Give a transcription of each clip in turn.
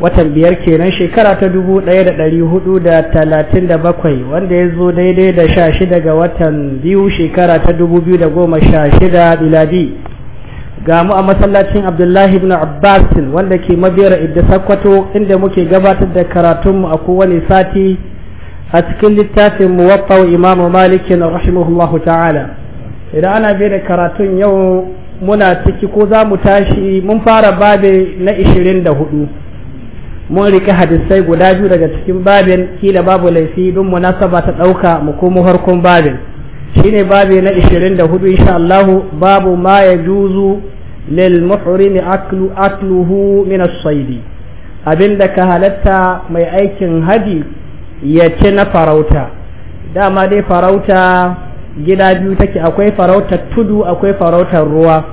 watan biyar kenan shekara ta dubu ɗaya da ɗari hudu da talatin da bakwai wanda ya zo daidai da sha shida ga watan biyu shekara ta dubu biyu da goma sha shida biladi ga mu a masallacin abdullahi ibn abbas wanda ke mabera idda sakwato inda muke gabatar da karatunmu a kowane sati a cikin littafin mu wafawa imamu malikin rahimahullahu ta'ala idan ana bai da karatun yau muna ciki ko za mu tashi mun fara babe na ishirin da hudu mun rike hadisai guda biyu daga cikin babin kila babu laifi don munasaba ta ɗauka mu komo harkon babin shine babi na 24 insha Allah babu ma ya juzu lil muhrim aklu akluhu min as-sayd abinda ka halatta mai aikin hadi ya ce na farauta dama dai farauta gida biyu take akwai farautar tudu akwai farautar ruwa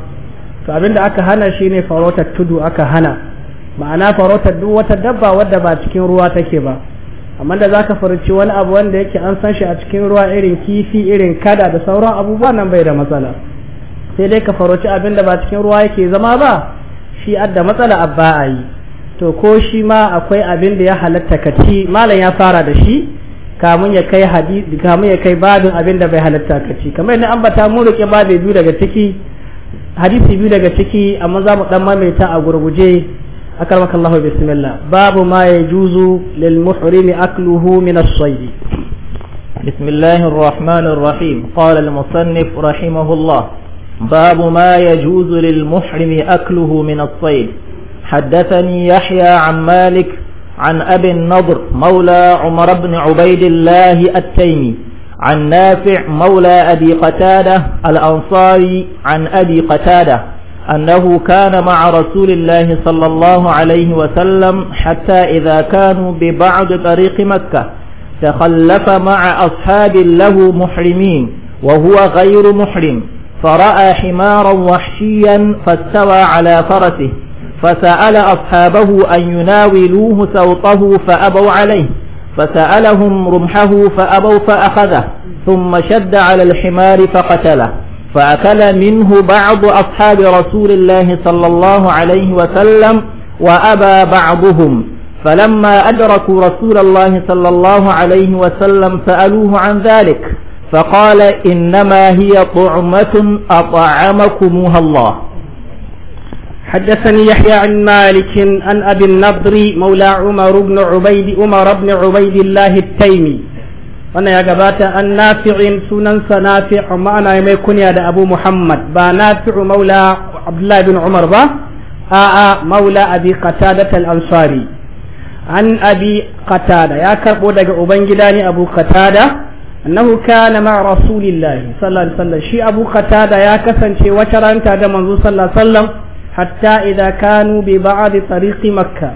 to abinda aka hana shine farautar tudu aka hana ma'ana farautar duk wata dabba wadda ba cikin ruwa take ba amma da zaka farci wani abu wanda yake an san shi a cikin ruwa irin kifi irin kada da sauran abubuwa nan bai da matsala sai dai ka farauci abin da ba cikin ruwa yake zama ba shi adda matsala abba a yi to ko shi ma akwai abin da ya halatta ka ci malam ya fara da shi kamun ya kai hadisi kamun ya kai babin abin da bai halatta ka ci kamar yadda ambata mun rike babin biyu daga ciki hadisi biyu daga ciki amma za mu dan maimaita a gurguje أكرمك الله بسم الله باب ما يجوز للمحرم أكله من الصيد بسم الله الرحمن الرحيم قال المصنف رحمه الله باب ما يجوز للمحرم أكله من الصيد حدثني يحيى عن مالك عن أبي النضر مولى عمر بن عبيد الله التيمي عن نافع مولى أبي قتادة الأنصاري عن أبي قتادة أنه كان مع رسول الله صلى الله عليه وسلم حتى إذا كانوا ببعض طريق مكة تخلف مع أصحاب له محرمين وهو غير محرم فرأى حمارا وحشيا فاستوى على فرسه فسأل أصحابه أن يناولوه سوطه فأبوا عليه فسألهم رمحه فأبوا فأخذه ثم شد على الحمار فقتله فأكل منه بعض أصحاب رسول الله صلى الله عليه وسلم وأبى بعضهم فلما أدركوا رسول الله صلى الله عليه وسلم سألوه عن ذلك فقال إنما هي طعمة أطعمكمها الله حدثني يحيى عن مالك عن أبي النضر مولى عمر بن عبيد عمر بن عبيد الله التيمي wannan ya gabata an nafi'in sunansa nafi' amma ana mai kunya da abu muhammad ba nafi'u maula abdullahi bin umar ba a'a maula abi qatada al-ansari an abi qatada ya karbo daga ubangida ne abu qatada annahu kana ma rasulillahi sallallahu alaihi wasallam shi abu qatada ya kasance wata ranta da manzo sallallahu alaihi wasallam hatta idza kanu bi ba'd tariqi makkah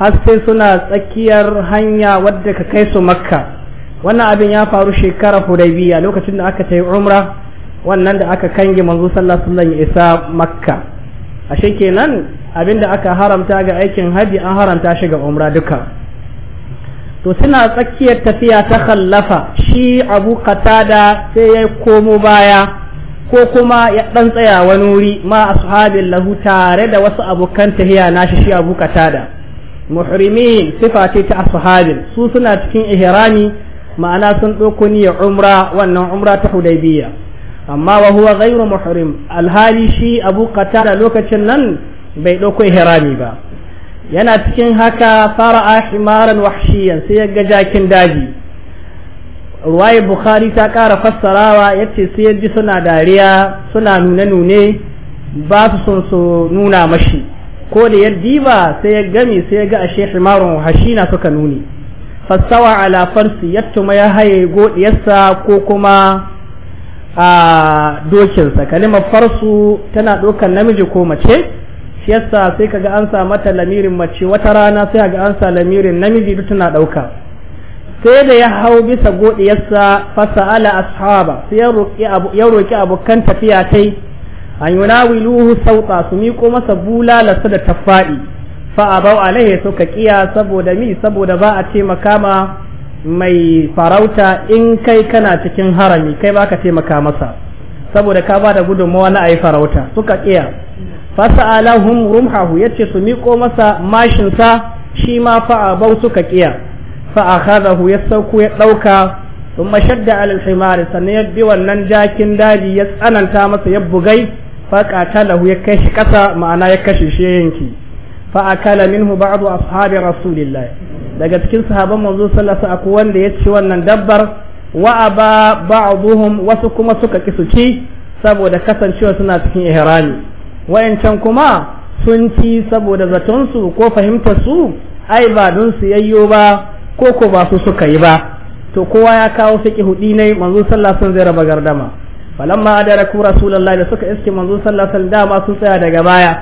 har sai suna tsakiyar hanya wadda ka kai su makka wannan abin ya faru shekara hudaybiya lokacin da aka tayi umra wannan da aka kange manzo sallallahu alaihi ya isa makka ashe kenan da aka haramta ga aikin hajji an haramta shi ga umra duka to suna tsakiyar tafiya ta khallafa shi abu qatada sai ya komo baya ko kuma ya dan tsaya wani wuri ma ashabin lahu tare da wasu abokan tahiya nashi shi abu qatada muhrimin sifati ta ashabin su suna cikin ihrami ma'ana sun ɗauko niyyar umra wannan umra ta hudaybiya amma wa huwa ghayru muhrim alhali shi abu qatada lokacin nan bai ɗauko ihrami ba yana cikin haka fara himaran wahshiyan sai ga jakin daji ruwaye bukhari ta kara fassarawa yace sai ya ji suna dariya suna nune-nune ba su son su nuna mashi ko da ya sai ya gami sai ya ga ashe himarun wahshina suka nuni fassawa ala farsi ma ya haye godiyarsa ko kuma a dokinsa kalimar farsu tana dokan namiji ko mace shi yasa sai kaga an sa mata lamirin mace wata rana sai kaga an sa lamirin namiji duk tana dauka sai da ya hau bisa godiyarsa ala ashaba sai ya roki abokan tafiya tai an yunawiluhu sauta su miko masa bulalasa da tafaɗi fa abau alaihi suka kiya saboda mi saboda ba a ce makama mai farauta in kai kana cikin harami kai ba ka taimaka masa saboda ka ba da gudunmawa na ayi farauta suka kiya fasa'alahum rumhahu yace su miko masa mashin sa shi ma fa abau suka kiya fa akhadahu ya sauko ya dauka ثم شد على ya bi wannan jakin daji ya tsananta masa ya bugai faqatalahu ya kashi kasa ma'ana ya kashe shi yanki fa akala minhu ba'du ashabi rasulillah daga cikin sahaban manzo sallallahu alaihi wanda ya ci wannan dabbar wa aba ba'dhum wasu kuma suka ki su ci saboda kasancewa suna cikin ihrami wayancan kuma sun ci saboda zaton su ko fahimtar su ai ba don su yayyo ba ko ko ba su suka yi ba to kowa ya kawo fiqi huɗi ne manzo sallallahu zai raba gardama falamma adaraku rasulullahi da suka iske manzo sallallahu dama sun tsaya daga baya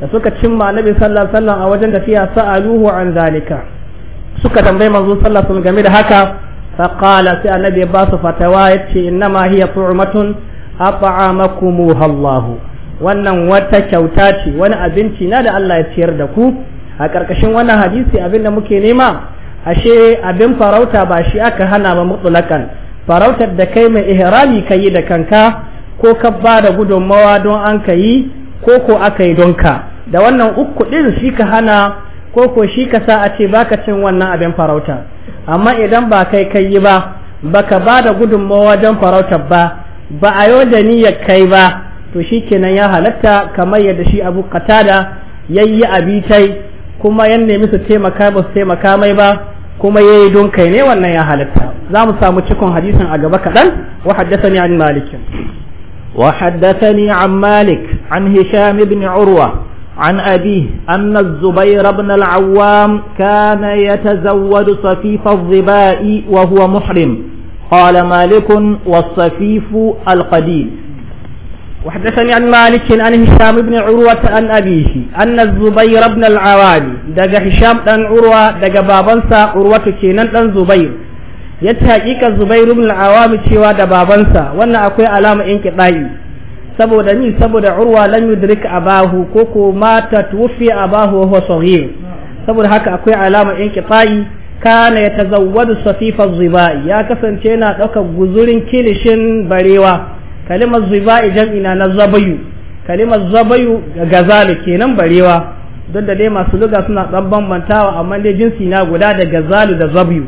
da suka cimma annabi sallallahu alaihi a wajen tafiya sa'aluhu an zalika suka tambaye manzo sallallahu alaihi wasallam game da haka fa qala sai annabi ba su fatawa yace inna ma hiya tu'matun maku Allah wannan wata kyauta ce wani abinci na da Allah ya ciyar da ku a karkashin wannan hadisi abin da muke nema ashe abin farauta ba shi aka hana ba mutsulakan farautar da kai mai ihrami kayi da kanka ko ka ba da gudunmawa don an yi ko ko aka yi don ka da wannan uku ɗin shi ka hana ko ko shi ka sa a ce baka cin wannan abin farauta amma idan ba kai kai yi ba baka ba da gudunmawa wajen farauta ba ba a yau da niyyar kai ba to shi kenan ya halatta kamar yadda shi abu katada yayi abitai kuma yan nemi su taimaka ba su taimaka mai ba kuma yayi don kai ne wannan ya halatta za mu samu cikon hadisin a gaba kaɗan wa haddathani an malik wa haddathani an malik an hisham ibn urwa عن أبيه أن الزبير بن العوام كان يتزود صفيف الظباء وهو محرم قال مالك والصفيف القديم وحدثني عن مالك عن هشام بن عروة عن أبيه أن الزبير بن العوام دق هشام بن عروة دق بابنسا عروة كينان بن زبير يتحقيق الزبير بن العوام تشوى دبابنسا وانا أكوي ألام إنك طيب saboda ni saboda urwa lam yudrik abahu ko ko mata tuwfi abahu wa huwa saghir saboda haka akwai alama kifai kana yatazawwadu safifa zibai ya kasance yana daukar guzurin kilishin barewa kalimar zibai jam'ina na zabayu kalimar zabayu gazali kenan barewa don da dai masu luga suna dan bambantawa amma dai jinsi na guda da gazalu da zabiyu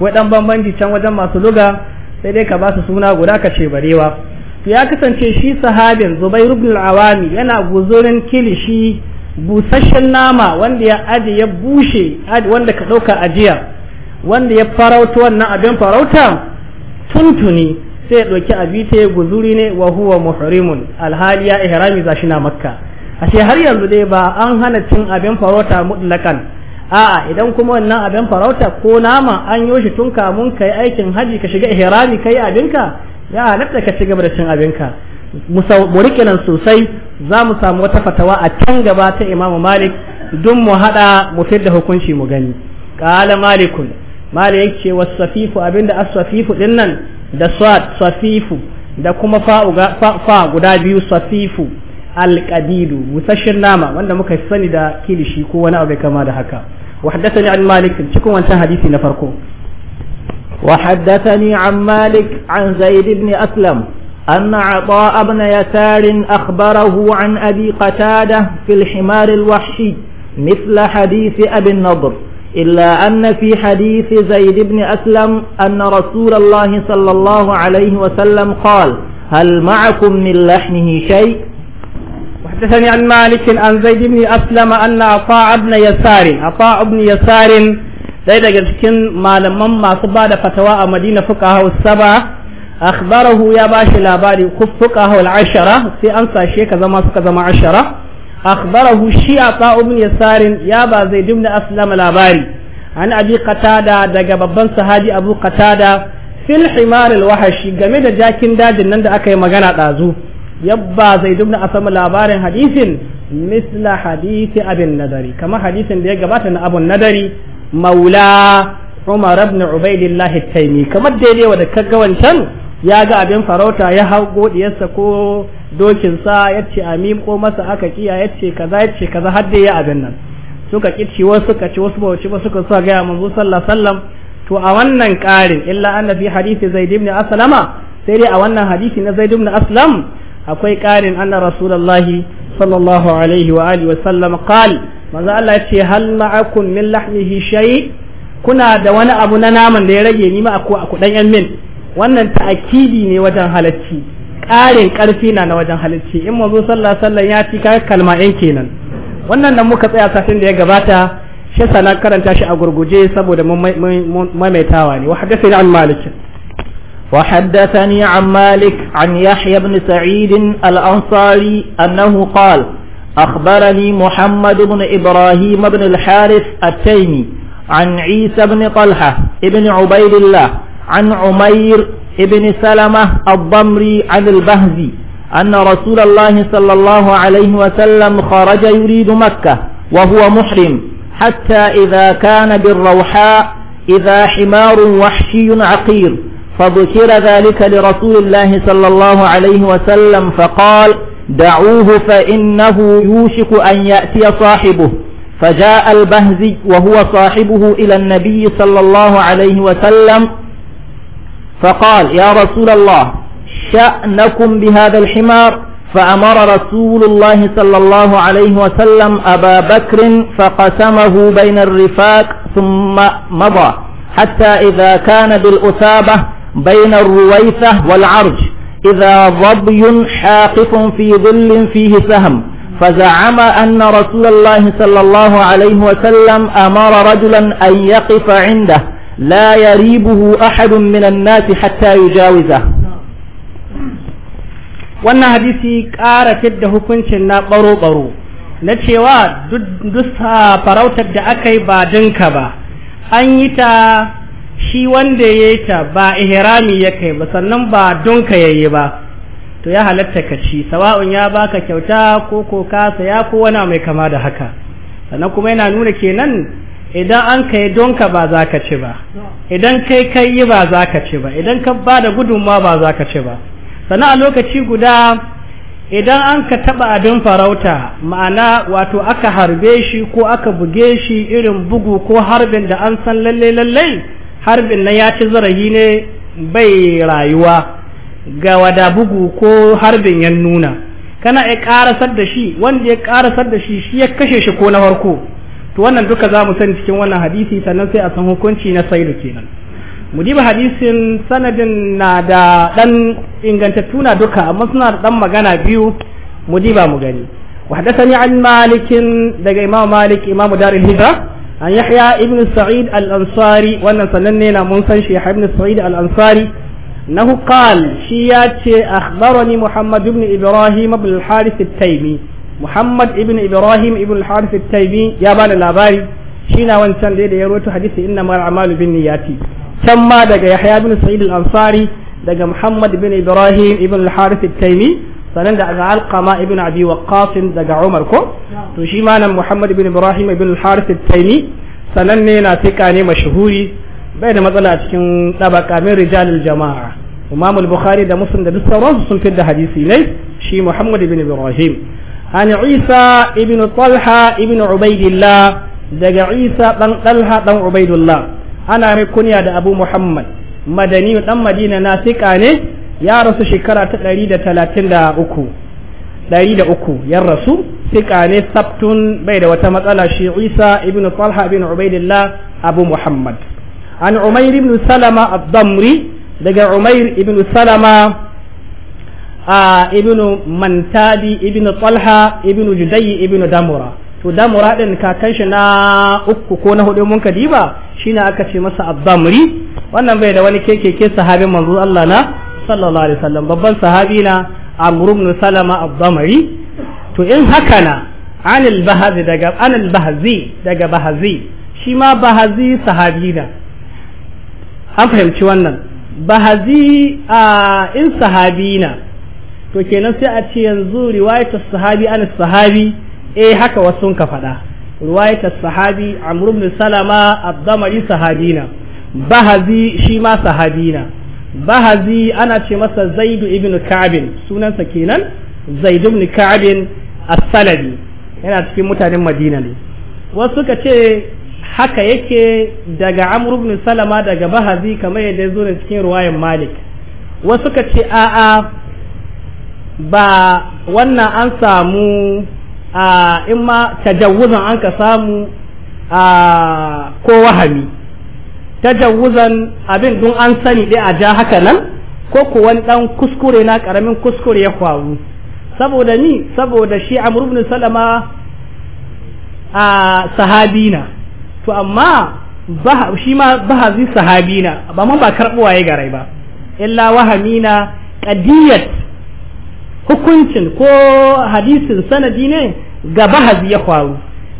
wai dan bambanci can wajen masu luga sai dai ka ba su suna guda ka ce barewa to ya kasance shi sahabin zubairu rubin awami yana guzurin kilishi busasshen nama wanda ya aji ya bushe wanda ka ɗauka ajiya wanda ya farauta wannan abin farauta tuntuni sai ya ɗauki abita ya guzuri ne wa huwa muhrimun alhali ya ihrami za shi na makka ashe har yanzu dai ba an hana cin abin farauta mutlakan a'a idan kuma wannan abin farauta ko nama an yo shi tun kamun kai aikin haji ka shiga ihrami kai abinka ya halatta ka ci gaba da cin abinka mu rike nan sosai za mu samu wata fatawa a can gaba ta imamu malik don mu haɗa mu fi da hukunci mu gani ƙala malikun malik ce wa safifu abinda as-safifu din nan da swat safifu da kuma fa guda biyu safifu alƙadidu busasshen nama wanda muka sani da kilishi ko wani abu kama da haka wa haddathani an malik cikin wancan hadisi na farko وحدثني عن مالك عن زيد بن أسلم أن عطاء بن يسار أخبره عن أبي قتادة في الحمار الوحشي مثل حديث أبي النضر إلا أن في حديث زيد بن أسلم أن رسول الله صلى الله عليه وسلم قال هل معكم من لحمه شيء وحدثني عن مالك عن زيد بن أسلم أن عطاء بن يسار عطاء بن يسار ɗaya daga cikin malaman masu ba da fatawa a madina fuqaha saba akhbarahu ya ba shi labari ku fuqaha ashara sai an sashe ka zama suka zama ashara akhbarahu shi a ibn yasarin ya ba zai dimna aslama labari an abi qatada daga babban sahabi abu qatada fil himar wahashi game da jakin dajin nan da aka yi magana ɗazu yabba zai a sama labarin hadisin misla hadisi abin nadari kama hadisin da ya gabata na abun nadari maula Umar ibn Ubaidillah at-Taymi kamar daidai wanda kaga wancan ya ga abin farauta ya hau godiyarsa ko dokinsa ya ce amin ko masa aka kiya ya ce kaza ya ce kaza har da ya abin nan suka kici wasu suka ci wasu bauci ba suka sa gaya manzo sallallahu sallam to a wannan karin illa anna fi hadisi zaid ibn aslama sai dai a wannan hadisi na zaid ibn aslam akwai karin anna rasulullahi sallallahu alaihi wa alihi wa sallam qal manzo Allah ya ce hal ma'akum min lahmihi shay kuna da wani abu na naman da ya rage ni ma a ku dan yan min wannan ta'kidi ne wajen halacci ƙarin karfi na na wajen halacci in manzo sallallahu alaihi ya fi kayan kalma yan kenan wannan nan muka tsaya satin da ya gabata shi sanan karanta shi a gurguje saboda maimaitawa ne wa hadathani an hadathani an malik an yahya ibn sa'id al-ansari annahu qala أخبرني محمد بن إبراهيم بن الحارث التيمي عن عيسى بن طلحة ابن عبيد الله عن عمير ابن سلمة الضمري عن البهزي أن رسول الله صلى الله عليه وسلم خرج يريد مكة وهو محرم حتى إذا كان بالروحاء إذا حمار وحشي عقير فذكر ذلك لرسول الله صلى الله عليه وسلم فقال دعوه فإنه يوشك أن يأتي صاحبه فجاء البهزي وهو صاحبه إلى النبي صلى الله عليه وسلم فقال يا رسول الله شأنكم بهذا الحمار فأمر رسول الله صلى الله عليه وسلم أبا بكر فقسمه بين الرفاق ثم مضى حتى إذا كان بالأثابة بين الرويثة والعرج إذا ظبي حاقف في ظل فيه سهم فزعم أن رسول الله صلى الله عليه وسلم أمر رجلا أن يقف عنده لا يريبه أحد من الناس حتى يجاوزه wannan hadisi ƙara fidda hukuncin na ɓaro-ɓaro na cewa duk farautar da aka yi ba dinka ba an yi ta shi wanda ya yi ta ba ihrami ya kai ba sannan ba don ka yayi ba to ya halatta ka ci sawa'un ya baka kyauta ko ko ka saya ko wani mai kama da haka sannan kuma yana nuna kenan idan an kai don ka ba za ka ci ba idan kai kai yi ba za ka ci ba idan ka ba da gudunmawa ba za ka ci ba sannan a lokaci guda idan an ka taba abin farauta ma'ana wato aka harbe shi ko aka buge shi irin bugu ko harbin da an san lalle lallai harbin na ya ci zarafi ne bai rayuwa ga wada bugu ko harbin ya nuna kana ya karasar da shi wanda ya karasar da shi shi ya kashe shi ko na farko to wannan duka za mu sani cikin wannan hadisi sannan sai a san hukunci na saidu kenan mu diba hadisin sanadin na da dan ingantattu na duka amma suna da dan magana biyu mu diba mu gani hadathani an malikin daga إمام malik إمام دار hijra an yahya ibn sa'id al-ansari wannan sananne na mun san shi yahya ibn sa'id al-ansari nahu qal shi ya ce akhbarani muhammad ibn ibrahim ibn al-harith taymi muhammad ibn ibrahim ibn al-harith taymi ya bani labari shi na wancan da ya rawaito hadisi inna mal a'malu binniyati can ma daga yahya ibn sa'id al-ansari daga muhammad ibn ibrahim ibn al-harith taymi sanan da ga alqama ibn abi waqqas daga umar ko to shi ma muhammad ibn ibrahim ibn al-harith at-taymi sanan ne na tika ne mashhuri bai da matsala cikin tabaka min rijalil jama'a imam al-bukhari da muslim da duk sauransu sun da hadisi ne shi muhammad ibn ibrahim an isa ibn talha ibn ubaidillah daga isa dan talha dan ubaidullah ana mai kunya da abu muhammad madani dan madina na tika ne ya rasu shekara ta ɗari da talatin da uku ɗari da uku ya rasu sika ne sabtun bai da wata matsala shi isa ibn talha ibn ubaidillah abu muhammad an umair ibn salama ad-damri daga umair ibn salama a ibn mantabi ibn talha ibn judai ibn damura to damura din kakan shi na uku ko na hudu mun kadiba shine aka ce masa ad wannan bai da wani ke-ke-ke sahabin manzo Allah na sallallahu alaihi wasallam babban sahabi na amr ibn salama ad-damari to in haka na anil bahazi daga anil bahazi daga bahazi shi ma bahazi sahabi na an fahimci wannan bahazi a in sahabi na to kenan sai a ce yanzu riwayatul sahabi an sahabi eh haka wasu ka faɗa riwayatul sahabi amr ibn salama ad-damari sahabina bahazi shi ma sahabina bahazi ana ce masa zaidu ibn ka'bin sunansa kenan zaidu ibn ka'bin as-salabi yana cikin mutanen madina ne wasu suka ce haka yake daga amr ibn salama daga bahazi kamar yadda zo cikin ruwayan malik wasu suka ce a'a ba wannan an samu a in ma tajawuzan an ka samu a ko wahami tajawuzan abin dun an sani dai a ja haka nan ko ku wani dan kuskure na karamin kuskure ya faru saboda ni saboda shi amr ibn salama a sahabina to amma shi ma bahazi sahabina ba mun ba karbuwa ya garai ba illa wahamina qadiyat hukuncin ko hadisin sanadi ne ga bahazi ya faru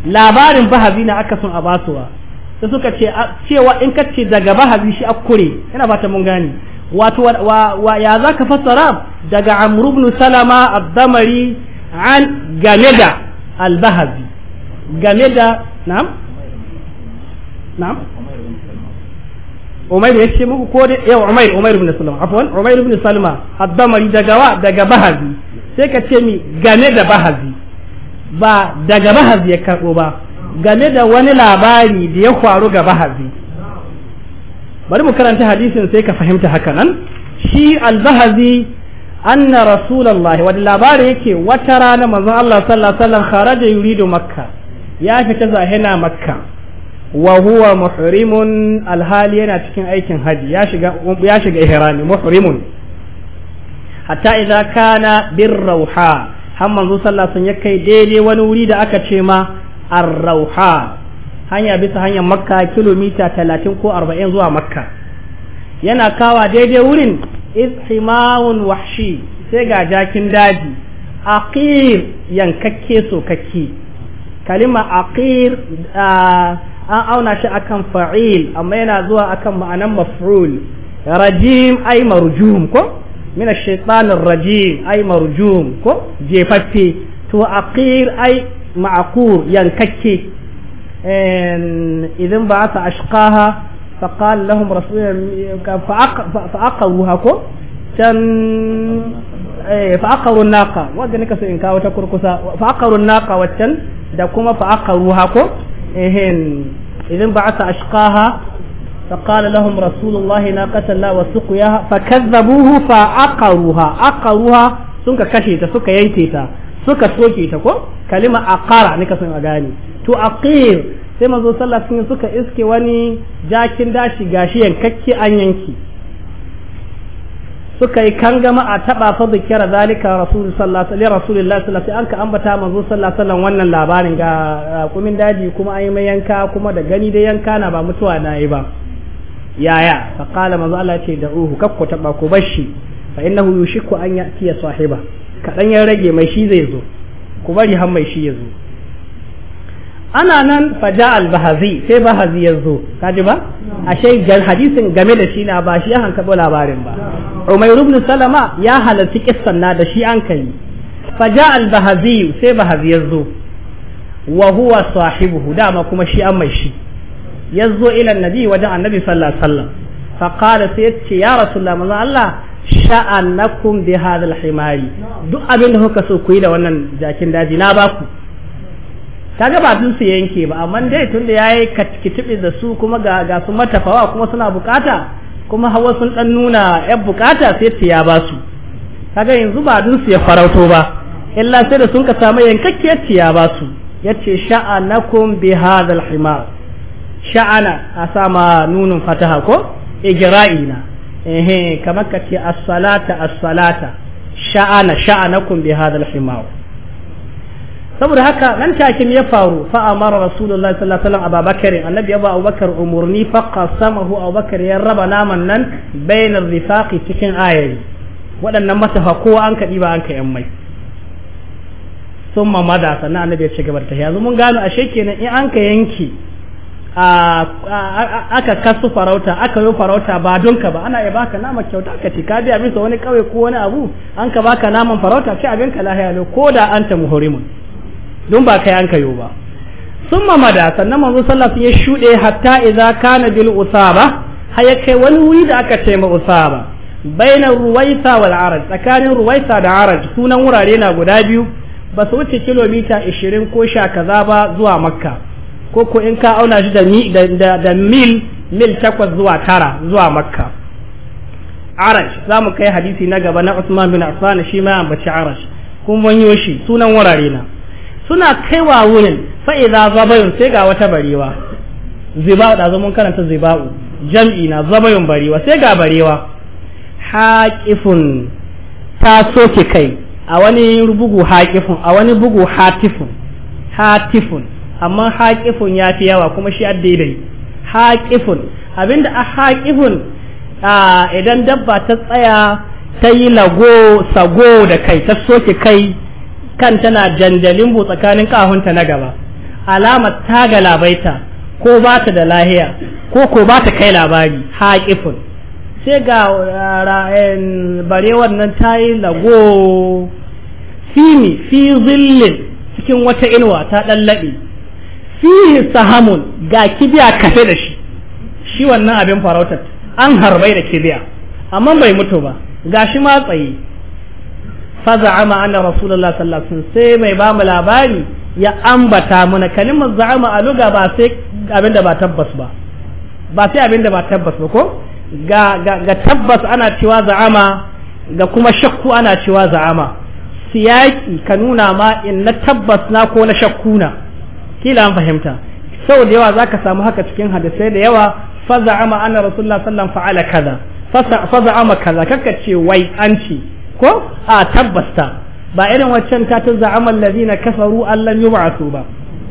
labarin bahazi na aka sun abasuwa sai suka ce cewa in ka ce daga bahabi shi akure ina fata mun gani wato wa ya za ka fassara daga amru ibn salama ad-damari an game da al-bahabi game da na'am na'am Umair ya ce muku ko da yau Umair Umair ibn Salama afwan Umair ibn Salama ad-damari daga wa daga bahabi sai ka ce mi game da bahabi ba daga bahabi ya karbo ba game da wani labari da ya faru ga bahazi bari mu karanta hadisin sai ka fahimta haka nan shi Al-Bahazi anna rasulullahi wani labari yake wata rana manzon Allah sallallahu alaihi wasallam kharaja yuridu makka ya fita zahina makka wa huwa muhrimun alhali yana cikin aikin haji ya shiga ya shiga ihrami muhrimun hatta idza kana birruha har manzo sallallahu alaihi wasallam ya kai daidai wani wuri da aka ce ma ar-rauha hanya bisa hanyar makka kilomita talatin ko arba'in zuwa makka yana kawa daidai wurin ishimawun wahshi sai ga jakin daji aqir yankakke sokakke kalima aqir an auna shi akan fa'il amma yana zuwa akan ma'anan maf'ul rajim ay marjum ko min ash-shaytanir rajim ay marjum ko jefatti to aqir ay ma'akur yankakke idan ba ta ashqaha fa qala lahum rasulun fa aqaruha ko can fa aqaru naqa wanda nika so in kawo ta kurkusa fa da kuma fa aqaruha ko ehin idan ba ta ashqaha فقال لهم رسول الله ناقة الله وسقياها suka soke ta ko kalima aqara ne ka san a gane to aqir sai manzo sallallahu alaihi suka iske wani jakin dashi gashi yankakke an yanki suka yi kangama a taba fa zikira zalika rasul sallallahu alaihi rasulullahi sallallahu alaihi anka ambata manzo sallallahu alaihi wannan labarin ga kumin daji kuma ayi yi mai yanka kuma da gani da yanka na ba mutuwa na yi ba yaya fa qala manzo Allah ce da uhu kakko taba ko bashi fa innahu yushiku an ya'tiya sahiba kaɗan ya rage mai shi zai zo ku bari har mai shi ya zo ana nan faja bahazi sai bahazi ya zo kaji ba ashe hadisin game da shi na ba shi an kaɓo labarin ba umairu ibn salama ya halarci kissan na da shi an kai faja bahazi sai bahazi ya zo wa huwa sahibuhu dama kuma shi an mai shi ya zo ila nabi wajen annabi sallallahu alaihi wasallam sai ya ce ya rasulullah Allah sha'anakum bi hadhal himari duk abin da kuka so ku yi da wannan jakin daji na baku kaga ba dun su yanke ba amma dai tun tunda yayi kitibi da su kuma ga ga su matafawa kuma suna bukata kuma hawa sun dan nuna yan bukata sai su ya ba su kaga yanzu ba dun su ya farauto ba illa sai da sun ka samu yankakkiyar ya ba su yace sha'anakum bi hadhal himar sha'ana a sama nunun fataha ko igra'ina ehe kamar ka ce as-salata as-salata sha'ana sha'anakum bi hadha al-himar saboda haka nan take ya faru fa amara rasulullahi sallallahu alaihi wasallam abubakar annabi ya ba abubakar umurni fa qasamahu abubakar ya raba naman nan bainar rifaqi cikin ayari waɗannan mata kowa an kaɗi ba an ka yan mai sun mamada sannan annabi ya ce gaba ta yanzu mun gano ashe kenan in an ka yanke aka kasu farauta aka yi farauta ba don ka ba ana iya baka nama kyauta ka ci ka biya bisa wani kauye ko wani abu an ka baka naman farauta ci abin ka lahiya ne ko da an ta muhrimun don ba kai an kayo ba summa mada sannan manzo sallallahu ya shude hatta idza kana bil usaba haya kai wani wuri da aka ce ma usaba baina ruwaisa wal arad tsakanin ruwaisa da arad sunan wurare na guda biyu ba su wuce kilomita 20 ko sha kaza ba zuwa makka ko ko in ka auna shi da mil mil takwas zuwa tara zuwa makka arash za mu kai hadisi na gaba na usman bin affan shi ma ambaci arash kun wanyo shi sunan wurare na suna kaiwa wurin fa'iza zabayun sai ga wata barewa ziba'u da mun karanta ziba'u jam'i na zabayun barewa sai ga barewa haƙifun ta soke kai a wani bugu haƙifun a wani bugu hatifun hatifun amma haƙifun ya fi yawa kuma shi daidai haƙifun abinda a haƙifun idan dabba ta tsaya ta yi lago sago da kai ta soke kai kan tana janjalin bu tsakanin kahunta na gaba alamar ta ga labaita ko ba ta da lahiya ko ko ba ta kai labari haƙifun sai ga barewar nan ta yi lago fi zillin cikin wata inuwa ta ɗan laɓe fihi sahamun ga kibiya kafe da shi shi wannan abin farautar an harbai da kibiya amma bai mutu ba gashi ma tsaye faza'ama anna rasulullah sallallahu alaihi wasallam sai mai bamu labari ya ambata mana kalimar za'ama a luga ba sai abinda ba tabbas ba ba sai abinda ba tabbas ba ko ga ga, ga tabbas ana cewa za'ama ga kuma shakku ana cewa za'ama siyaki ka nuna ma in na tabbas na ko na shakku na kila an fahimta da yawa zaka samu haka cikin hadisai da yawa fa za'ama anna rasulullah sallallahu fa'ala kaza fa za'ama kaza kaka ce wai an ce ko a tabbasta ba irin waccan ta ta za'ama allazina kafaru allan yub'athu ba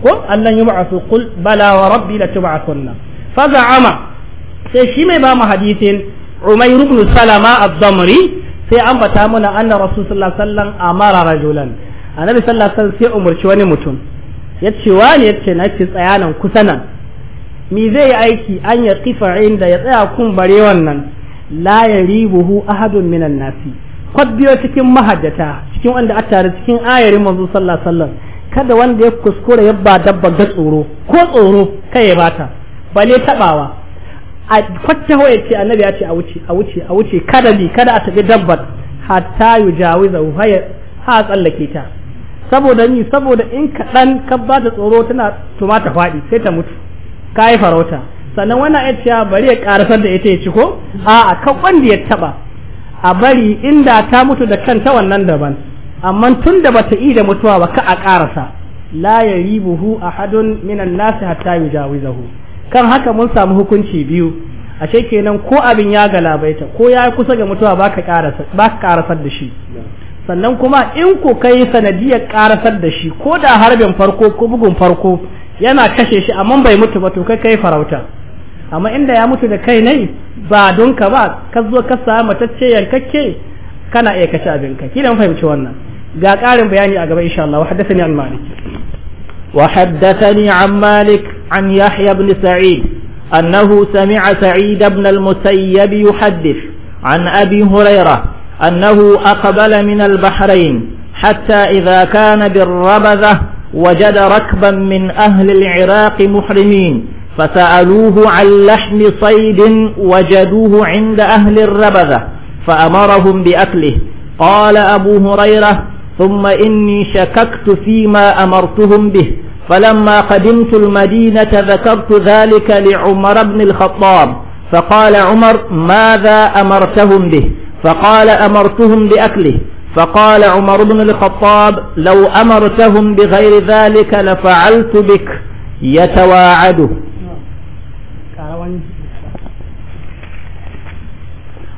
ko allan yub'athu qul bala wa rabbi la tub'athunna fa za'ama sai shi mai ba mu hadisin umayr ibn salama ad-damri sai an bata mana anna rasulullah sallallahu alaihi wasallam amara rajulan annabi sallallahu alaihi wasallam sai umurci wani mutum yace wani yace na tsaya nan kusa nan mi zai yi aiki an ya kifa inda ya tsaya kun bare wannan la a ahadun minan nasi kwabbiyo cikin mahaddata cikin wanda a tare cikin ayarin manzo sallallahu alaihi kada wanda ya kuskura ya ba dabba ga tsoro ko tsoro kai ya bata bale tabawa a kwatta hoye ce annabi ya ce a wuce a wuce kada bi kada a tabi dabbar hatta haya ha tsallake ta saboda ni saboda in kaɗan ka ba da tsoro tana tuma ta faɗi sai ta mutu ka farauta sannan wannan ya cewa bari ya karasar da ita ya ci ko a'a kan wanda ya taba a bari inda ta mutu da kanta wannan daban amma tun da bata yi da mutuwa ba ka a ƙarasa la ya ribuhu ahadun minan nas hatta yujawizahu kan haka mun samu hukunci biyu ashe kenan ko abin ya galabaita ko ya kusa ga mutuwa baka karasar da shi sannan kuma in ku kai sanadiyar karasar da shi ko da harbin farko ko bugun farko yana kashe shi amma bai mutu ba to kai kai farauta amma inda ya mutu da kai ne ba don ka ba ka zo ka samu matacce yankakke kana iya kashe abin ka kidan fahimci wannan ga karin bayani a gaba insha Allah wa haddathani an malik wa haddathani an malik an yahya ibn sa'id annahu sami'a sa'id ibn al-musayyib yuhaddith an abi hurairah أنه أقبل من البحرين حتى إذا كان بالربذة وجد ركبا من أهل العراق محرمين فسألوه عن لحم صيد وجدوه عند أهل الربذة فأمرهم بأكله قال أبو هريرة ثم إني شككت فيما أمرتهم به فلما قدمت المدينة ذكرت ذلك لعمر بن الخطاب فقال عمر ماذا أمرتهم به فقال أمرتهم بأكله فقال عمر بن الخطاب لو أمرتهم بغير ذلك لفعلت بك يتواعده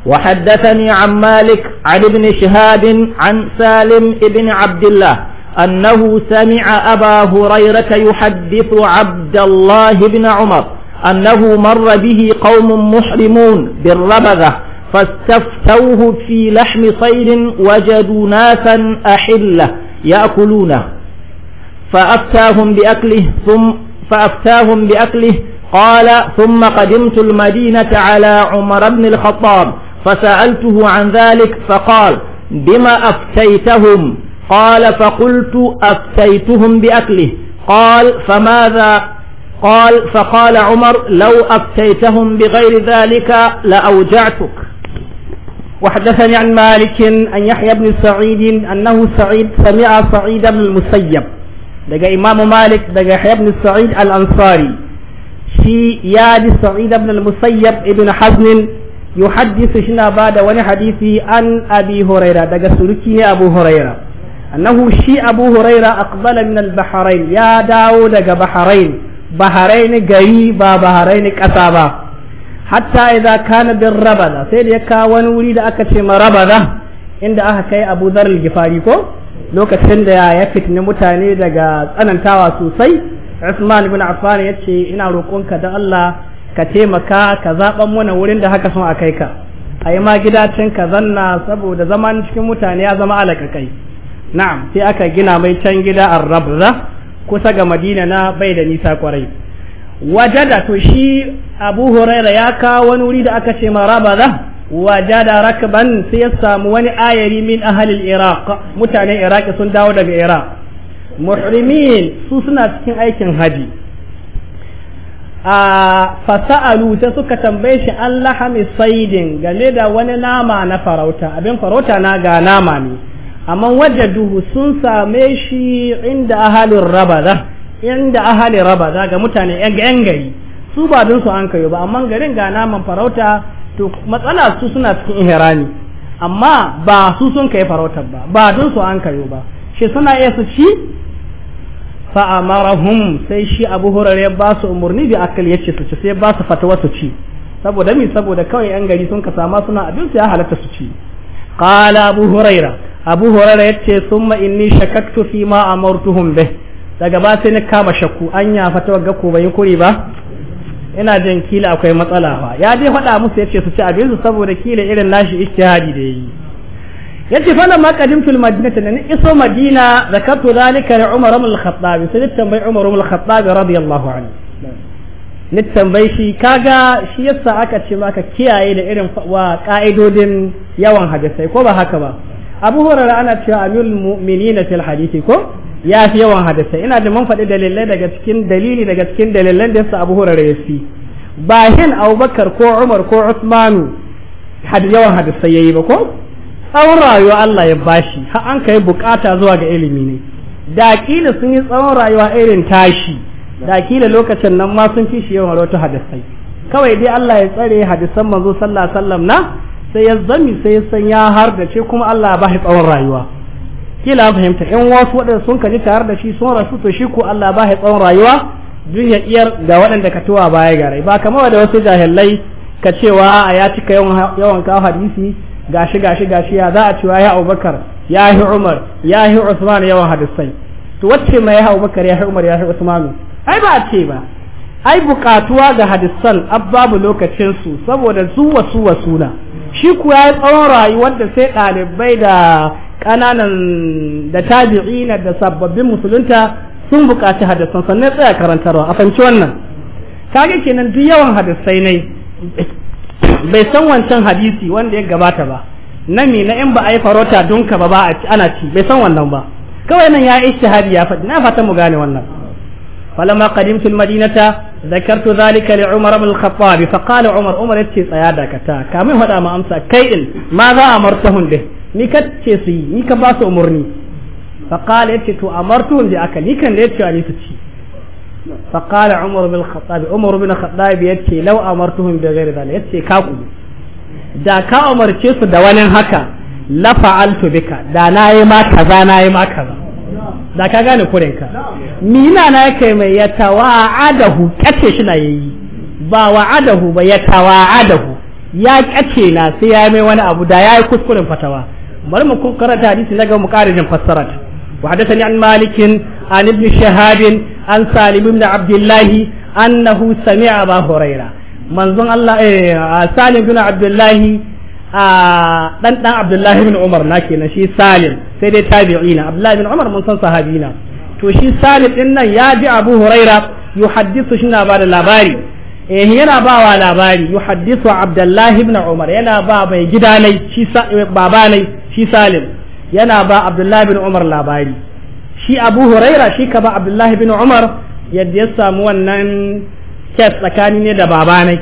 وحدثني عن مالك عن ابن شهاب عن سالم ابن عبد الله أنه سمع أبا هريرة يحدث عبد الله بن عمر أنه مر به قوم محرمون بالربذة فاستفتوه في لحم صيد وجدوا ناسا أحلة يأكلونه فأفتاهم بأكله ثم فأفتاهم بأكله قال ثم قدمت المدينة على عمر بن الخطاب فسألته عن ذلك فقال بما أفتيتهم قال فقلت أفتيتهم بأكله قال فماذا قال فقال عمر لو أفتيتهم بغير ذلك لأوجعتك وحدثني عن مالك أن يحيى بن سعيد أنه سعيد سمع سعيد بن المسيب دقى إمام مالك دقى يحيى بن سعيد الأنصاري شي يادي سعيد بن المسيب ابن حزم يحدث شنا بعد وني حديثي عن أبي هريرة دقى سلوكي أبو هريرة أنه شي أبو هريرة أقبل من البحرين يا داود دقى بحرين بحرين قريبا بحرين كتابا hatta idza kana bin rabada sai da ya kawo wani wuri da aka ce marabada inda aka kai Abu Dharr al-Ghifari ko lokacin da ya fitni mutane daga tsanantawa sosai Usman ibn Affan yace ina roƙonka da Allah ka taimaka ka zaɓan mana wurin da haka son a kai ka ayi ma gidacin ka zanna saboda zaman cikin mutane ya zama alakakai na'am sai aka gina mai can gida a rabza kusa ga Madina na bai da nisa kwarai wajada to shi abu huraira ya kawo wani wuri da aka ce wa jada rakban sai ya samu wani ayari min ahalil iraq mutanen iraki sun dawo daga iraq muhrimin su suna cikin aikin haji a fasa'alu ta suka tambaye shi Allah saidin game da wani nama na farauta abin farauta na ga nama ne amma wajaduhu sun same shi inda ahalin rabada inda ahalin rabada ga mutane yan gari su ba don su an kayo ba amma garin ga naman farauta to matsala su suna cikin ihrami amma ba su sun kai farautar ba ba don su an kayo ba shi suna iya su ci fa amarahum sai shi abu hurare ya ba su umarni bi akal yace su ci sai ba su fatawa su ci saboda mi saboda kawai yan gari sun ka sama suna abin su ya halatta su ci qala abu huraira abu huraira yace summa inni shakaktu fi ma amartuhum bih daga ba sai na kama shakku anya fatawa ga ko bai kuri ba ina jin kila akwai matsala ya dai faɗa musu yace su ci abin su saboda kila irin nashi ijtihadi da ya yace fa lamma qadimtu al-madinata ne iso madina zakartu zalika li umar ibn al-khattab sai tambayi umar ibn al-khattab radiyallahu anhu ni tambayi shi kaga shi yasa aka ce maka kiyaye da irin wa ka'idodin yawan hadisai ko ba haka ba abu hurairah ana cewa amirul mu'minina fil hadisi ko ya fi yawan hadisai ina da mun faɗi dalilai daga cikin dalili daga cikin dalilan da yasa Abu Hurairah ya fi ba hin Abubakar ko Umar ko Uthman had yawan hadisai yayi ba ko tsawon rayuwa Allah ya bashi har an kai bukata zuwa ga ilimi ne da kila sun yi tsawon rayuwa irin tashi da lokacin nan ma sun fi shi yawan rawatu hadisai kawai dai Allah ya tsare hadisan manzo sallallahu alaihi wasallam na sai ya zami sai ya san ya har da ce kuma Allah ya bashi tsawon rayuwa kila fahimta in wasu waɗanda sun kaji tare da shi sun rasu to shi ko Allah ba ya tsawon rayuwa duk iyar ga waɗanda ka tuwa baya gare ba kamar da wasu jahilai ka cewa a ya cika yawan kawo hadisi gashi gashi gashi ya za a cewa ya Abubakar ya hi Umar ya hi Usman yawan hadisai to wacce mai ya Abubakar ya hi Umar ya hi Usman ai ba a ce ba ai bukatuwa ga hadisan abbabu lokacin su saboda su wasu na. shi ku ya tsawon rayuwar da sai ɗalibai da kananan da tabi'ina da sababbin musulunta sun buƙaci hadisan sannan tsaya karantarwa a fahimci wannan kage kenan duk yawan hadisai ne bai san wancan hadisi wanda ya gabata ba na mi na in ba a yi farota dunka ba ana ci bai san wannan ba kawai nan ya shahadi ya faɗi na fata mu gane wannan فلما قدمت المدينة ذكرت ذلك لعمر بن الخطاب فقال عمر عمر يتي سيادة كتا كامي هذا ما أمسى كيئن ماذا أمرتهم به ni ka ce su yi ni ka ba su umarni faƙala ya ce to amartu bi aka ni kan da ya ce ni su ci faƙala umar bin khattab umar bin khattab ya ce law amartuhum bi ghairi zalika ya ce ka ku da ka umarce su da wani haka la fa'altu bika da nayi ma kaza nayi ma kaza da ka gane ka ni ina na kai mai ya tawa'adahu kace shi na yayi ba wa'adahu ba ya tawa'adahu ya kace na sai ya mai wani abu da yayi kuskuren fatawa bari mu karanta hadisi na ga mu ƙara jin fassarar وحدثني عن مالك عن ابن شهاب عن سالم بن عبد الله أنه سمع أبا هريرة من ظن الله إيه سالم بن عبد الله Umar na kenan shi Salim sai dai tabi'ina Abdullahi bin Umar mun san sahabina to shi Salim din nan ya bi Abu Huraira yuhaddisu shi na ba labari eh yana ba wa labari yuhaddisu Abdullahi bin Umar yana ba mai shi eh, babanai shi salim yana ba abdullahi bin umar labari shi abu huraira shi ka ba abdullahi bin umar yadda ya samu wannan kes tsakani ne da babanai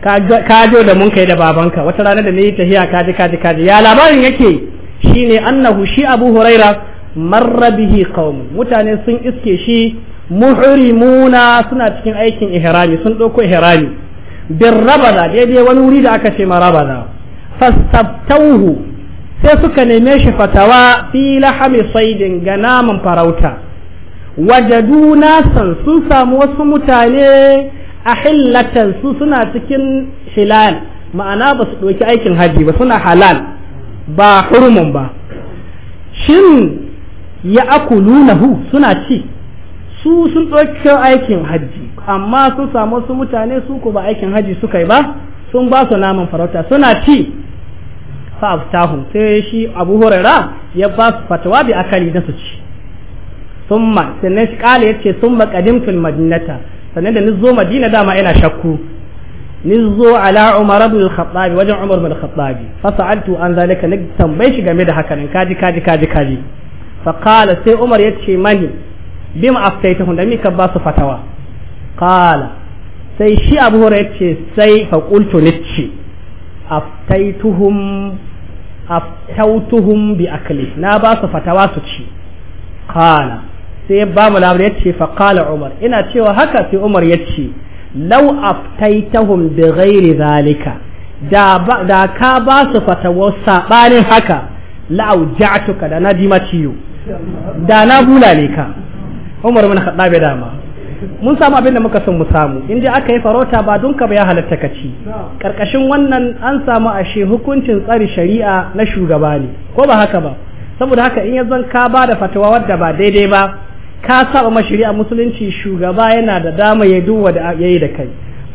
kajo da mun kai da babanka wata rana da ne tahiya kaji kaji kaji ya labarin yake shine annahu shi abu huraira marra bihi qaumun mutane sun iske shi muhrimuna suna cikin aikin ihrami sun ɗauko ihrami bin rabada daidai wani wuri da aka ce ma rabada fastaftauhu sai suka neme shi fatawa fi lahami saidin ga naman farauta wajadu nasan sun samu wasu mutane a hillatan su suna cikin hilal ma'ana ba su ɗauki aikin haji ba suna halal ba hurumun ba shin ya akulunahu suna ci su sun ɗauki aikin haji amma sun samu wasu mutane su ko ba aikin haji suka yi ba sun ba su naman farauta suna ci fa'aftahu sai shi abu huraira ya ba su fatawa bi akali da su ci summa sannan shi kale ya ce summa qadimtul madinata sannan da nizo madina dama ina shakku nizo ala umar ibn al-khattab wajen umar ibn al-khattab fa sa'altu an zalika ni tambaye shi game da nan kaji kaji kaji kaji fa qala sai umar ya ce mani bima aftaitahu da mika ba su fatawa qala sai shi abu hurairah ya ce sai fa kultu nice aftaituhum aftautuhum bi akli na ba su fatawa su ci kala sai ba mu labari yace fa umar ina cewa haka sai umar yace law aftaitahum bi ghairi zalika da da ka ba su fatawa sabanin haka la'auja'tuka da na ji maciyo da na bulale ka umar bin khattab dama mun samu abin da muka son mu samu in dai aka yi farauta ba dunka ba ya halatta ka ci karkashin wannan an samu ashe hukuncin tsari shari'a na shugaba ne ko ba haka ba saboda haka in yanzu ka ba da fatawa wadda ba daidai ba ka saba ma shari'a musulunci shugaba yana da dama ya duwa da yayi da kai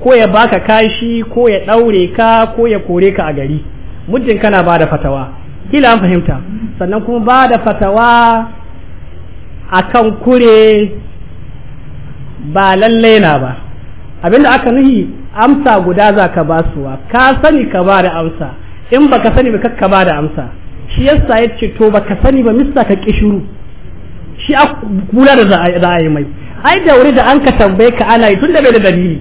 ko ya baka kashi ko ya daure ka ko ya kore ka a gari muddin kana ba da fatawa kila an fahimta sannan kuma ba da fatawa akan kure ba lalle na ba abinda aka nuhi amsa guda za ka ba suwa ka sani ka ba da amsa in ba ka sani ba ka ba da amsa shi yasa ya ce to ba ka sani ba mista ka kishuru shi a kula da za a yi mai ai da wuri da an ka tambaye ka ana yi tunda bai da dalili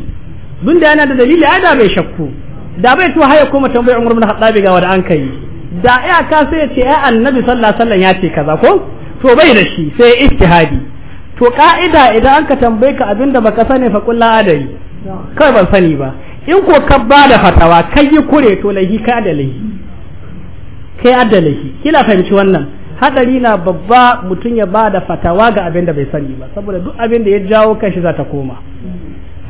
tun da yana da dalili ai da bai shakku da bai to haya kuma tambaye Umar bin hadabi ga wanda an ka yi da ya ka sai ya ce ai Annabi sallallahu alaihi wasallam ya ce kaza ko to bai da shi sai ijtihadi to ka'ida idan an ka tambaye ka abin da baka sani fa kullu adali kai ban sani ba in ko ka ba da fatawa kai yi kure to lahi ka adali kai adalahi kila fahimci wannan hadari na babba mutum ya ba da fatawa ga abin da bai sani ba saboda duk abin da ya jawo kashi za ta koma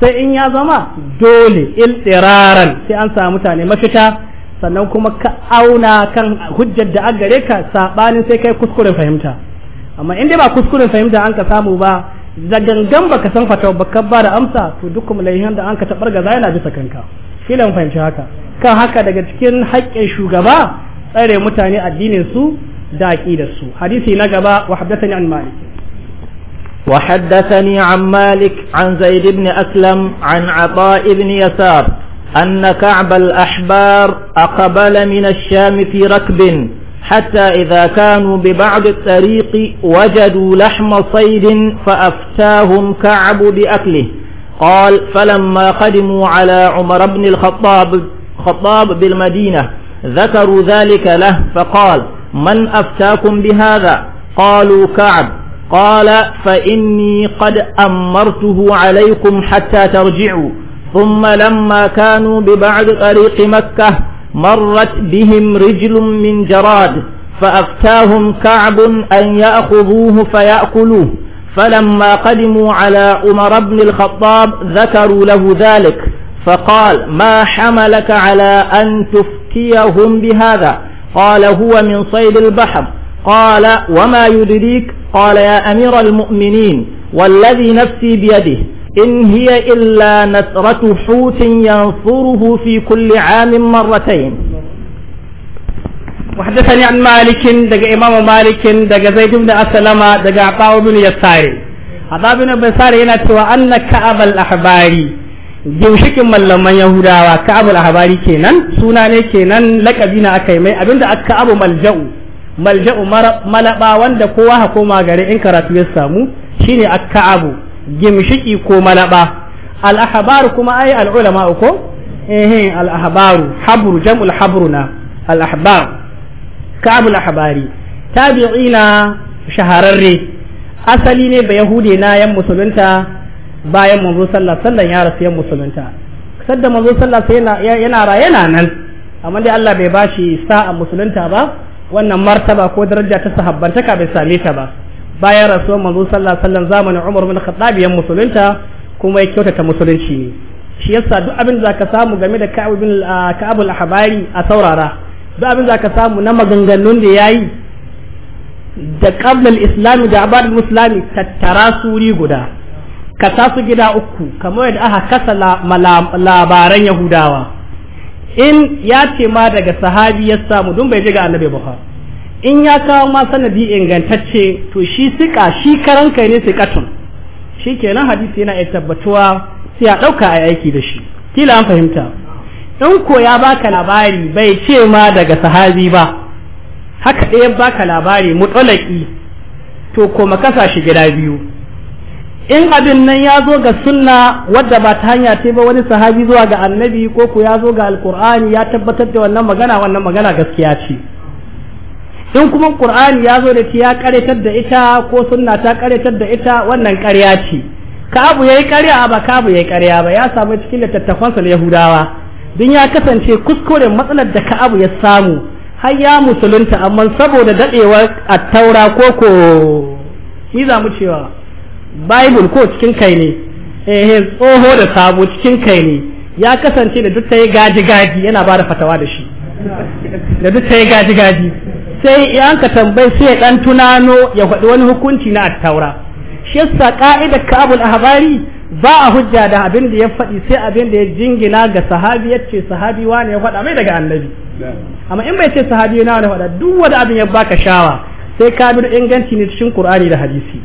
sai in ya zama dole iltiraran sai an samu mutane mafita sannan kuma ka auna kan hujjar da an gare ka sabanin sai kai kuskure fahimta amma in dai ba kuskuren fahimta an ka samu ba da gangan baka san fata baka ba da amsa to duk laihin da an ka tabar gaza yana bisa kanka filan fahimci haka kan haka daga cikin haƙƙin shugaba tsare mutane addinin su da aqidar su hadisi na gaba wa haddathani an malik وحدثني عن مالك an زيد بن أسلم عن عطاء بن يسار أن كعب الأحبار أقبل من الشام في ركب حتى إذا كانوا ببعض الطريق وجدوا لحم صيد فأفتاهم كعب بأكله قال فلما قدموا على عمر بن الخطاب خطاب بالمدينة ذكروا ذلك له فقال من أفتاكم بهذا قالوا كعب قال فإني قد أمرته عليكم حتى ترجعوا ثم لما كانوا ببعض طريق مكة مرت بهم رجل من جراد فأفتاهم كعب أن يأخذوه فيأكلوه فلما قدموا على عمر بن الخطاب ذكروا له ذلك فقال ما حملك على أن تفتيهم بهذا قال هو من صيد البحر قال وما يدريك قال يا أمير المؤمنين والذي نفسي بيده إن هي إلا نثرة حوت ينصره في كل عام مرتين وحدثني عن مالك دقى da مالك دقى زيد بن أسلم دقى عطاء بن يساري عطاء بن يساري هنا توا أن كعب الأحباري ginshikin mallaman yahudawa ka'abul ahbari kenan suna ne kenan lakabi na aka yi mai abinda aka abu malja'u malja'u malaba wanda kowa ha koma in karatu ya samu shine akka abu gimshiki ko malaba al ahbar kuma ai al ulama ko eh al ahbar habru jam'ul habruna al ahbar ka'ab al ahbari tabi'ina shahararre asali ne ba yahude na yan musulunta bayan manzo sallallahu alaihi wasallam ya rasu yan musulunta sadda manzo sallallahu alaihi wasallam yana raye yana nan amma dai Allah bai bashi sa'a musulunta ba wannan martaba ko daraja ta sahabbantaka bai same ta ba bayan rasuwar manzo sallallahu alaihi wasallam zamanin Umar bin Khattab yan musulunta kuma ya kyautata musulunci ne shi yasa duk abin da ka samu game da Ka'ab bin Ka'ab al-Ahbari a saurara duk abin da ka samu na maganganun da yayi da qabla al-islam da abad al tattara suri guda ka tasu gida uku kamar yadda aka kasa labaran Yahudawa in ya ce ma daga sahabi ya samu dun bai ji ga annabi ba in ya kawo ma sanadi ingantacce to shi siƙa shi karan kai ne sikatun shi kenan hadisi yana iya tabbatuwa sai a ɗauka a aiki da shi kila an fahimta in ko ya baka labari bai ce ma daga sahabi ba haka ɗaya baka labari mutsalaki to ko makasa shi gida biyu in abin nan ya zo ga sunna wadda ba ta hanya ce ba wani sahabi zuwa ga annabi ko ko ya zo ga alkur'ani ya tabbatar da wannan magana wannan magana gaskiya ce in kuma qur'ani ya zo da ce ya karyatar da ita ko sunna ta karyatar da ita wannan karya ce ka kabu yayi karya ba ka kabu yayi karya ba ya samu cikin littattafansa na yahudawa din ya kasance kuskuren matsalar da ka abu ya samu har ya musulunta amma saboda dadewar attaura ko ko ni za mu cewa bible ko cikin kai ne eh tsoho da sabo cikin kai ne ya kasance da duk ta gaji gaji yana ba da fatawa da shi da duk ta gaji gaji sai ya ka tambayi sai ya dan tunano ya faɗi wani hukunci na attaura shi yasa ka'idar kabul ahbari ba a hujja da abin da ya faɗi sai abin da ya jingina ga sahabi ya ce sahabi wani ya faɗa mai daga annabi amma in bai ce sahabi na wani faɗa duk wani abin ya baka shawa sai ka bi inganci ne cikin qur'ani da hadisi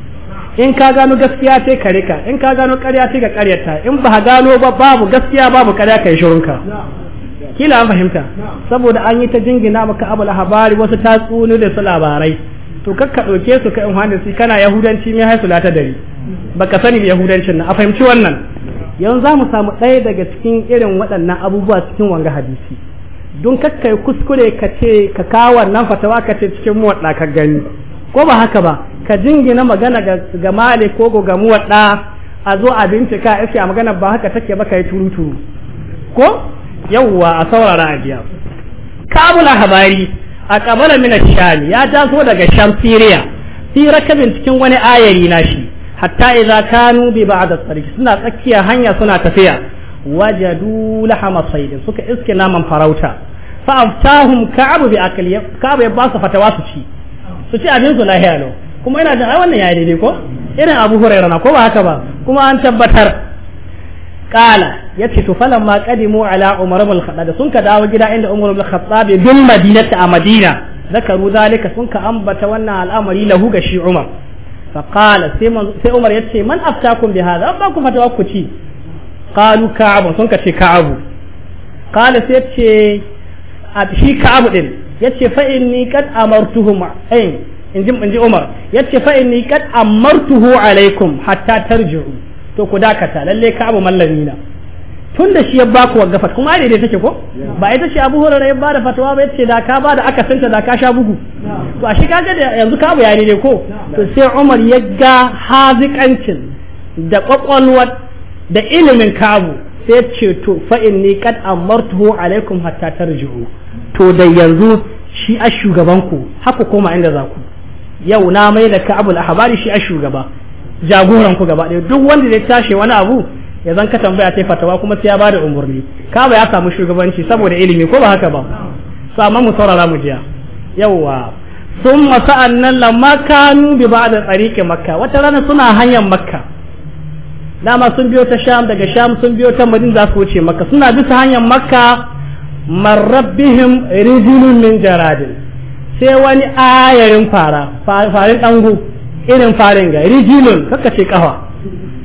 in ka gano gaskiya sai ka rika in ka gano ƙarya sai ka ƙaryata in ba gano ba babu gaskiya babu ƙarya kai shirunka kila an fahimta saboda an yi ta jingina maka abu labari wasu tsuni da su labarai to kakka ɗauke su ka in su kana yahudanci mai haisu lata dari baka sani yahudancin nan a fahimci wannan yanzu za mu samu ɗaya daga cikin irin waɗannan abubuwa cikin wanga hadisi don kakkai kuskure ka ce ka kawo wannan fatawa ka ce cikin muwaɗa ka gani ko ba haka ba ka jingina magana ga male ko ga muwaɗa a zo a bincika a magana ba haka take ba ka yi turuturu ko yawwa a saurara a biya na habari a kabala mina shami ya taso daga sham siriya sira rakabin cikin wani ayari na shi hatta idza kanu bi ba'da tariq suna tsakiya hanya suna tafiya wajadu lahama saydin suka iske naman farauta fa aftahum ka'abu bi akli ka'abu ya basu fatawa su ci su ci abin su lahiya lo kuma ina da wannan ya daidai ko irin abu hurairana na ko ba haka ba kuma an tabbatar kala. yace to falan ma qadimu ala umar ibn al-khattab sun ka dawo gida inda umar ibn al-khattab bin madinata a madina zakaru zalika sun ka ambata wannan al'amari lahu ga shi umar fa qala sai umar ya ce man aftakum bi hadha ba ku fatawa ku ci qalu ka'ab sun ka ce ka'ab qala sai yace a shi ka'ab din yace fa inni qad amartuhum ay inji inji umar yace fa inni qad amartuhu alaikum hatta tarji'u to ku dakata lalle ka'ab mallami na tun da shi ya baku wagga fat kuma daidai take ko ba ita ce Abu Hurairah ya bada fatawa ba yace da ka bada aka santa da ka sha bugu to a shi kaga da yanzu ka bu ne ko to sai Umar ya ga hazikancin da kwakwalwar da ilimin kabu sai ya ce to fa inni qad amartuhu alaikum hatta tarji'u to da yanzu shi a shugaban ku haka koma inda za ku yau na mai da Ka'abul Ahbari shi a shugaba jagoran ku gaba ɗaya duk wanda ya tashi wani abu ya zan ka tambaya ta fatawa kuma sai ya ba da umarni ka ba ya samu shugabanci saboda ilimi ko ba haka ba su amma mu saurara mu jiya yawwa sun masa'an nan lamakan bi ba da tsarike makka wata rana suna hanyar makka dama sun biyo ta sham daga sham sun biyo ta madin za su wuce makka suna bisa hanyar makka marrabbihim rijulun min jaradin sai wani ayarin fara farin dango irin farin ga rijulun kaka ce kafa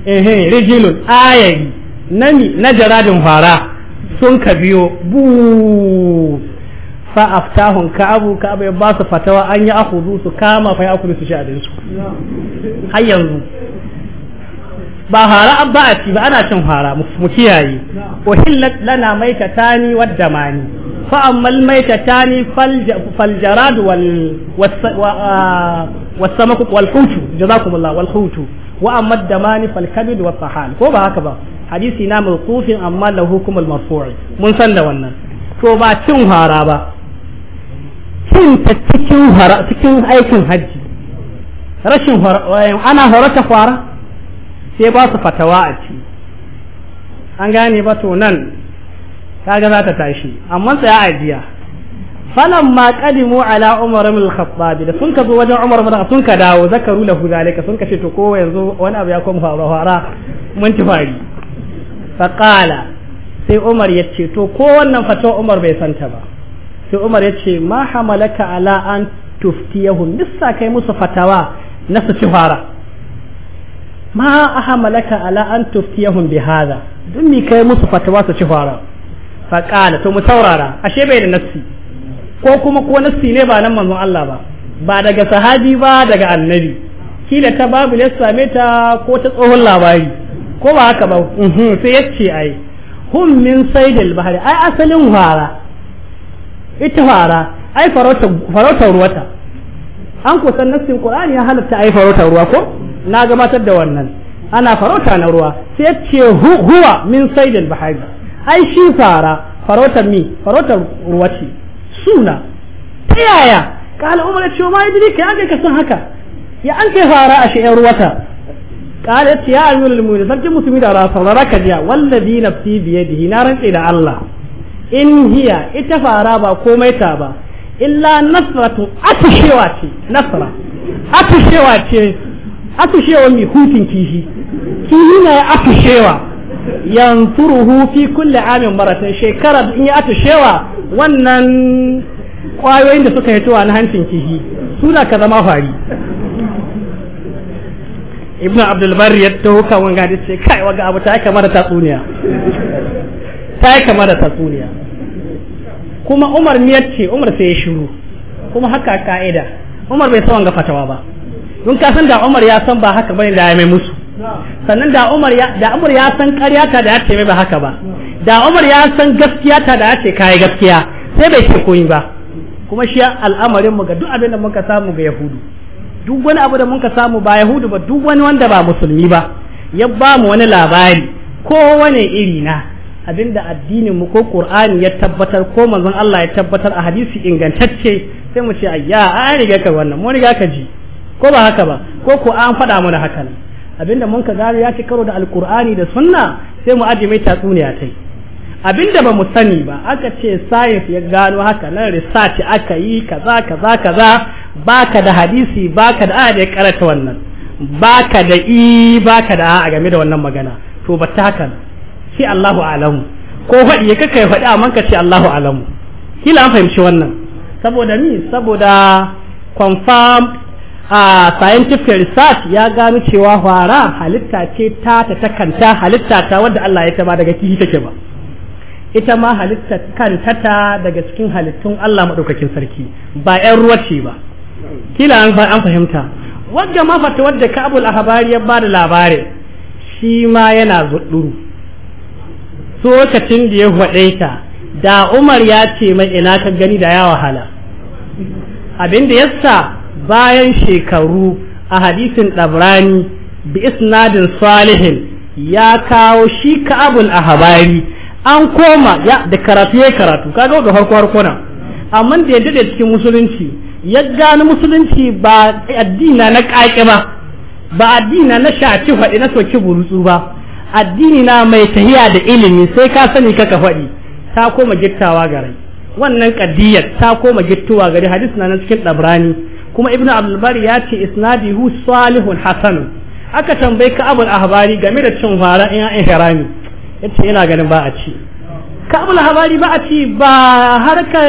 ehe rijilun ayayi nani na jaradin fara sun ka biyo bu fa aftahun ka abu ka abu ba su fatawa an yi akudu su kama fa ya su shi su har yanzu ba hara abba a ci ba ana cin hara mu kiyaye uhillat lana maikatani wadda mani فأما الميتتان فالج... فالجراد وال... والس... و... آ... والسمك والحوت جزاكم الله والحوت وأما الدمان فالكبد والطحال كوبا هكذا حديثي نام موقوف أما له حكم المرفوع من سند wannan to ba cin hara ba cin ta cikin hara cikin aikin hajji rashin ana horata fara sai ba su fatawa a ci an gane ba to nan kaga za ta tashi amma tsaya a biya falan ma qadimu ala umar ibn al-khattab da sun ka zo wajen umar ibn sun ka dawo zakaru lahu zalika sun ka ce to ko yanzu wani abu ya koma faruwa fara mun ci fari fa qala sai umar ya ce to ko wannan fatawa umar bai santa ba sai umar ya ce ma hamalaka ala an tuftiyahum nissa kai musu fatawa na su ci fara ma hamalaka ala an tuftiyahum bi hadha dun mi kai musu fatawa su ci fara faƙala to mu saurara ashe bai da nassi ko kuma ko nassi ne ba nan manzon Allah ba ba daga sahabi ba daga annabi kila ta babu ya same ta ko ta tsohon labari ko ba haka ba sai ya ce ai hum min saidil bahari ai asalin fara ita fara ai farautar ruwata an kusan nassin qur'ani ya halatta ai farautar ruwa ko na gabatar da wannan ana farauta na ruwa sai ya ce huwa min saidil bahari ai shi fara farautar mi farautar ruwa suna ta yaya kala umar ce ma idri kai an ka san haka ya an kai fara a shi'ar ruwata kala ya ce ya ayyul mu'minin sarki musulmi da rasa raka jiya wallazi nafsi biyadihi na rantsi da Allah in hiya ita fara ba komai ta ba illa nasratu atushewa ce nasra atushewa ce mi hutun kishi kihi na atushewa yansuruhu fi kulli amin maratin shekara in ya atushewa wannan kwayoyin da suka hitowa na hancin kihi suna ka zama fari ibn abdul Bari ya taho kan wanga da ce kai waga abu ta yi kamar tatsuniya ta yi kamar tatsuniya kuma umar miyar ce umar sai ya shiru kuma haka ka'ida umar bai san wanga fatawa ba don ka san da umar ya san ba haka bane da ya mai musu sannan da Umar ya da Umar ya san ƙarya ta da ya ce mai ba haka ba da Umar ya san gaskiya ta da ya ce kai gaskiya sai bai ce koyi ba kuma shi al'amarin mu ga duk abin da muka samu ga Yahudu duk wani abu da muka samu ba Yahudu ba duk wani wanda ba musulmi ba ya ba mu wani labari ko wani iri na abinda addinin mu ko Qur'ani ya tabbatar ko manzon Allah ya tabbatar a hadisi ingantacce sai mu ce ayya an riga ka wannan mu riga ka ji ko ba haka ba ko ko an faɗa mana haka ne abinda mun ka gano ya ci karo da alkur'ani da sunna sai mu aje mai tatsuniya tai abinda ba mu sani ba aka ce science ya gano haka nan research aka yi kaza kaza kaza baka da hadisi baka da da ya karanta wannan baka da i baka da a game da wannan magana to ba ta haka shi Allahu alamu ko fadi ya kai fadi amma ka ce Allahu alamu kila an fahimci wannan saboda ni saboda confirm a scientific research ya gano cewa hwara halitta ce ta ta kanta halitta ta wadda Allah ya ba daga kihi take ba ita ma halitta kanta ta daga cikin halittun Allah madaukakin sarki ba yan ruwa ce ba kila an fahimta wadda ma fata wadda Kabul Ahbari ya ba da labarai shi ma yana zudduru lokacin da ya faɗe ta da Umar ya ce mai ina ka gani da ya wahala abin da yasa bayan shekaru a hadisin ɗabrani bi isnadin salihin ya kawo shi a habari an koma ya da karatu ya karatu kaga ga farko harko nan amma da yadda da cikin musulunci ya gano musulunci ba addina na ƙaƙi ba ba addina na shaci faɗi na soki burutsu ba addini na mai tahiya da ilimi sai ka sani kaka faɗi ta koma gittawa gare wannan kadiyar ta koma gittuwa gare hadis na cikin ɗabrani kuma Ibn abdul bari ya ce isnadihu salihun hasan aka tambayi ka'abul ahbari game da cin fara in ihrami yace yana ganin ba a ci ka'abul ahbari ba a ci ba harka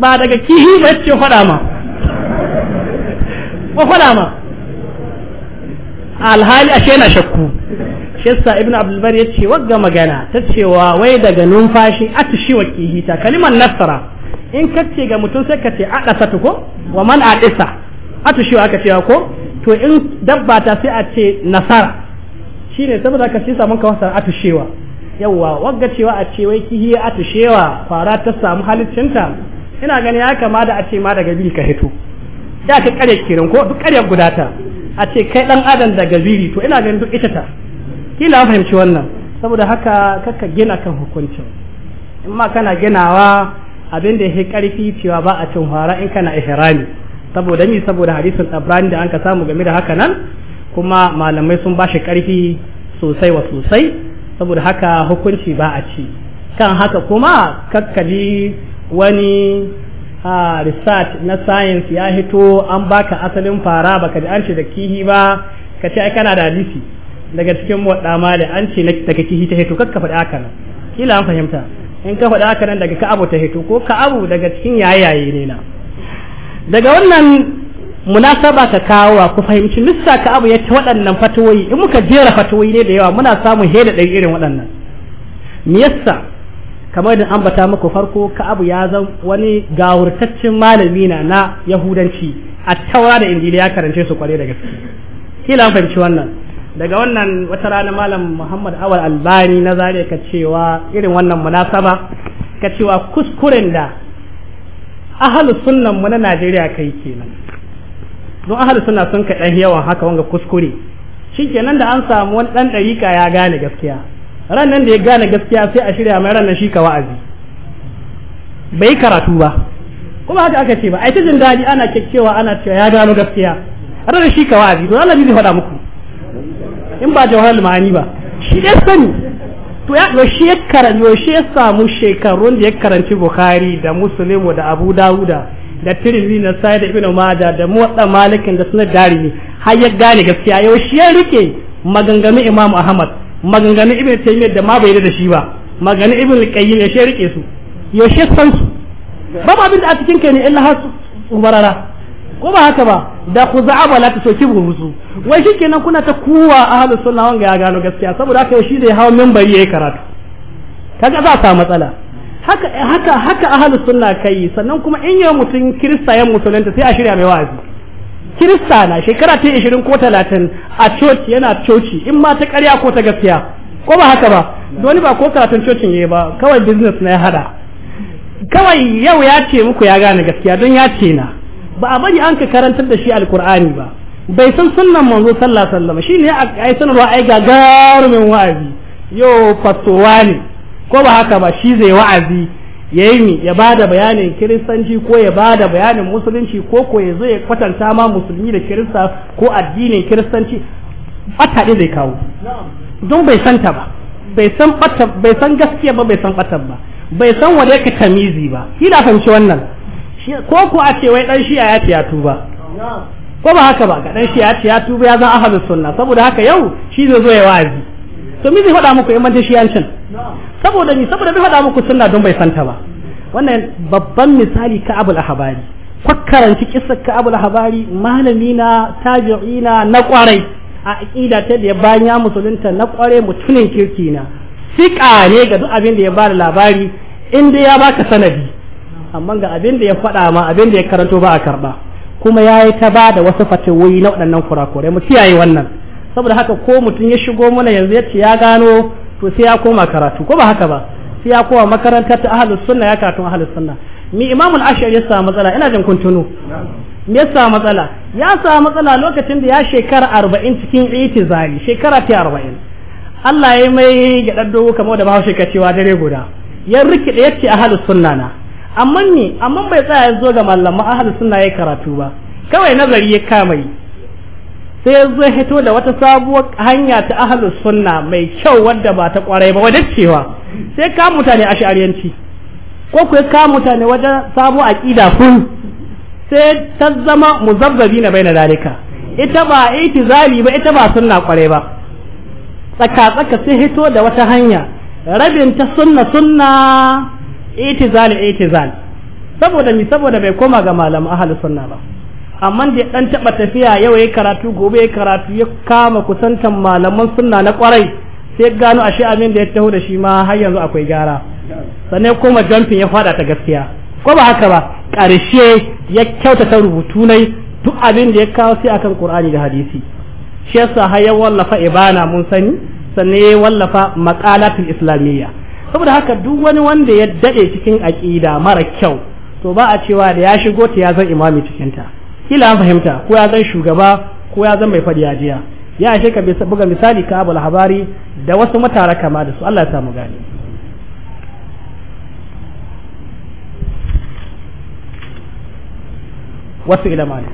ba daga kihi ba yace fada ma ko fada ma alhali ashe na shakku shi yasa ibnu abdul bari yace wagga magana ta cewa wai daga numfashi atshi wa kihi ta kalimar nasara in ka ce ga mutum sai ka ce a ɗasa ko wa man a ɗisa a tushe aka cewa ko to in dabba ta sai a ce nasara shi ne saboda ka ce samun ka wasa a tushewa yawwa wagga cewa a ce wai kihi a tushewa fara ta samu halittinta ina gani ya kama da a ce ma daga biri ka hito da ka karya kiran ko duk karya gudata a ce kai dan adam daga biri to ina ganin duk ita ta kila fahimci wannan saboda haka kakka gina kan hukuncin in ma kana ginawa abin da ya karfi cewa ba a cin fara in kana ihrami saboda ni saboda hadisin tabrani da anka samu game da haka nan kuma malamai sun bashi karfi sosai wa sosai saboda haka hukunci ba a ci kan haka kuma kakkali wani a research na science ya hito an baka asalin fara baka ji an ce da kihi ba ka ce ai kana da hadisi daga cikin wadda da an ce daga kihi ta hito kakka faɗi haka nan kila an fahimta in ka faɗa haka nan daga ka'abu ta hito ko ka'abu daga cikin yayaye ne na daga wannan munasaba ka kawo ku fahimci lissa ka'abu ya ta waɗannan fatoyi in muka jera fatoyi ne da yawa muna samun heda ɗari irin waɗannan me yasa kamar da bata muku farko ka'abu ya zan wani gawurtaccen malami na na yahudanci a taura da injili ya karance su kware da gaske kila an fahimci wannan daga wannan wata rana malam Muhammad Awal Albani na zare ka cewa irin wannan munasaba ka cewa kuskuren da ahalu sunnan mu na Najeriya kai kenan don ahalu sunna sun ka dan yawan haka wanga kuskure shi kenan da an samu wani dan dariƙa ya gane gaskiya ran nan da ya gane gaskiya sai a shirya mai ran shi ka wa'azi bai karatu ba kuma haka aka ce ba ai ta jin daɗi ana kyakkyawa ana cewa ya gano gaskiya ran shi ka wa'azi don Allah zai faɗa muku in ba jawar ma'ani ba shi ya sani to ya yaushe ya karan yaushe ya samu shekarun da ya karanci bukari da muslimu da abu dawuda da tirizi na da ibina majah da motsa malikin da dari ne har ya gane gaskiya yaushe ya rike maganganun imam ahmad maganganun ibn taimiyar da ma bai da shi ba maganganun ibn qayyim yaushe ya rike su yaushe san su babu abin da a cikin kai ne illa har ubarara ko ba haka ba da ku ba la ta soki su wai shikenan kuna ta kuwa ahlus sunna wanga ya gano gaskiya saboda haka shi da ya hawo ya yayi karatu kaga za ta matsala haka haka haka ahlus sunna kai sannan kuma in yau mutum kirista ya musulunta sai a shirya mai wazi. kirista na shekara ta 20 ko 30 a coci yana coci in ma ta ƙarya ko ta gaskiya ko ba haka ba doni ba ko karatun cocin yayi ba kawai business na ya hada kawai yau ya ce muku ya gane gaskiya don ya ce na ba a bari an ka karantar da shi alkur'ani ba bai san sunnan manzo sallallahu alaihi wasallam shine ai sanarwa ai gagarumin wa'azi yo fatowa ne ko ba haka ba shi zai wa'azi yayi ni ya bada bayanin kiristanci ko ya bada bayanin musulunci ko ko ya zo ya kwatanta ma musulmi da kirista ko addinin kiristanci fata ɗin zai kawo don bai san ta ba bai san bai san gaskiya ba bai san batan ba bai san wanda yake tamizi ba kila fahimci wannan ko ku a ce wai dan shi'a ya ce ya tuba ko ba haka ba ga dan shi'a ya ce ya tuba ya zan ahadu sunna saboda haka yau shi zai zo ya wazi to me zai faɗa muku in ya can. saboda ni saboda bai faɗa muku sunna don bai santa ba wannan babban misali ka abul ahbari kwakkaranci kissar ka abul ahbari malami na tabi'ina na na kwarai a aqida ta da bayan ya musulunta na kwarai mutumin kirki na sika ne ga duk abin da ya bada labari in dai ya baka sanadi amma ga abin da ya faɗa ma abin da ya karanto ba a karɓa kuma ya yi ta ba da wasu fatawoyi na waɗannan kurakurai mu kiyaye wannan saboda haka ko mutum ya shigo mana yanzu ya ce ya gano to sai ya koma karatu ko ba haka ba sai ya koma makarantar ta ahlus sunna ya karatu ahlus sunna mi imamul ashari ya samu matsala ina jin kun tuno me ya samu matsala ya samu matsala lokacin da ya shekara arba'in cikin itizali shekara ta arba'in Allah ya yi mai gaɗar dogo kamar da bahaushe ka cewa dare guda ya rikida ya ce ahlus sunna na amma ni amma bai tsaya ya zo ga malama ahadu suna ya karatu ba kawai nazari ya kama yi sai ya zo hito da wata sabuwar hanya ta ahalus sunna mai kyau wadda ba ta kwarai ba wadda cewa sai ka mutane a shari'anci ko ku ka mutane wajen sabo ƙida kun sai ta zama muzabbabi na baina dalika ita ba zali ba ita ba sunna kwarai ba tsaka tsaka sai hito da wata hanya rabin ta sunna sunna itizal itizal saboda mi saboda bai koma ga malaman ahli sunna ba amma da dan taba tafiya yau yayi karatu gobe yayi karatu ya kama kusantan malaman sunna na kwarai sai gano ashe amin da ya taho da shi ma har yanzu akwai gyara sannan koma jumping ya fada ta gaskiya ko ba haka ba karshe ya kyautata rubutu nai duk abin da ya kawo sai akan qur'ani da hadisi shi yasa har ya wallafa ibana mun sani sannan ya wallafa maqalatul islamiyya saboda haka duk wani wanda ya dade cikin aqida mara kyau to ba a cewa da ya shigo ta ya zan imami cikin ta kila an fahimta ko ya zan shugaba ko ya zan mai fadi ajiya ya ashe ka buga misali ka abul habari da wasu matara kama da su Allah ya samu gani wasu ila malik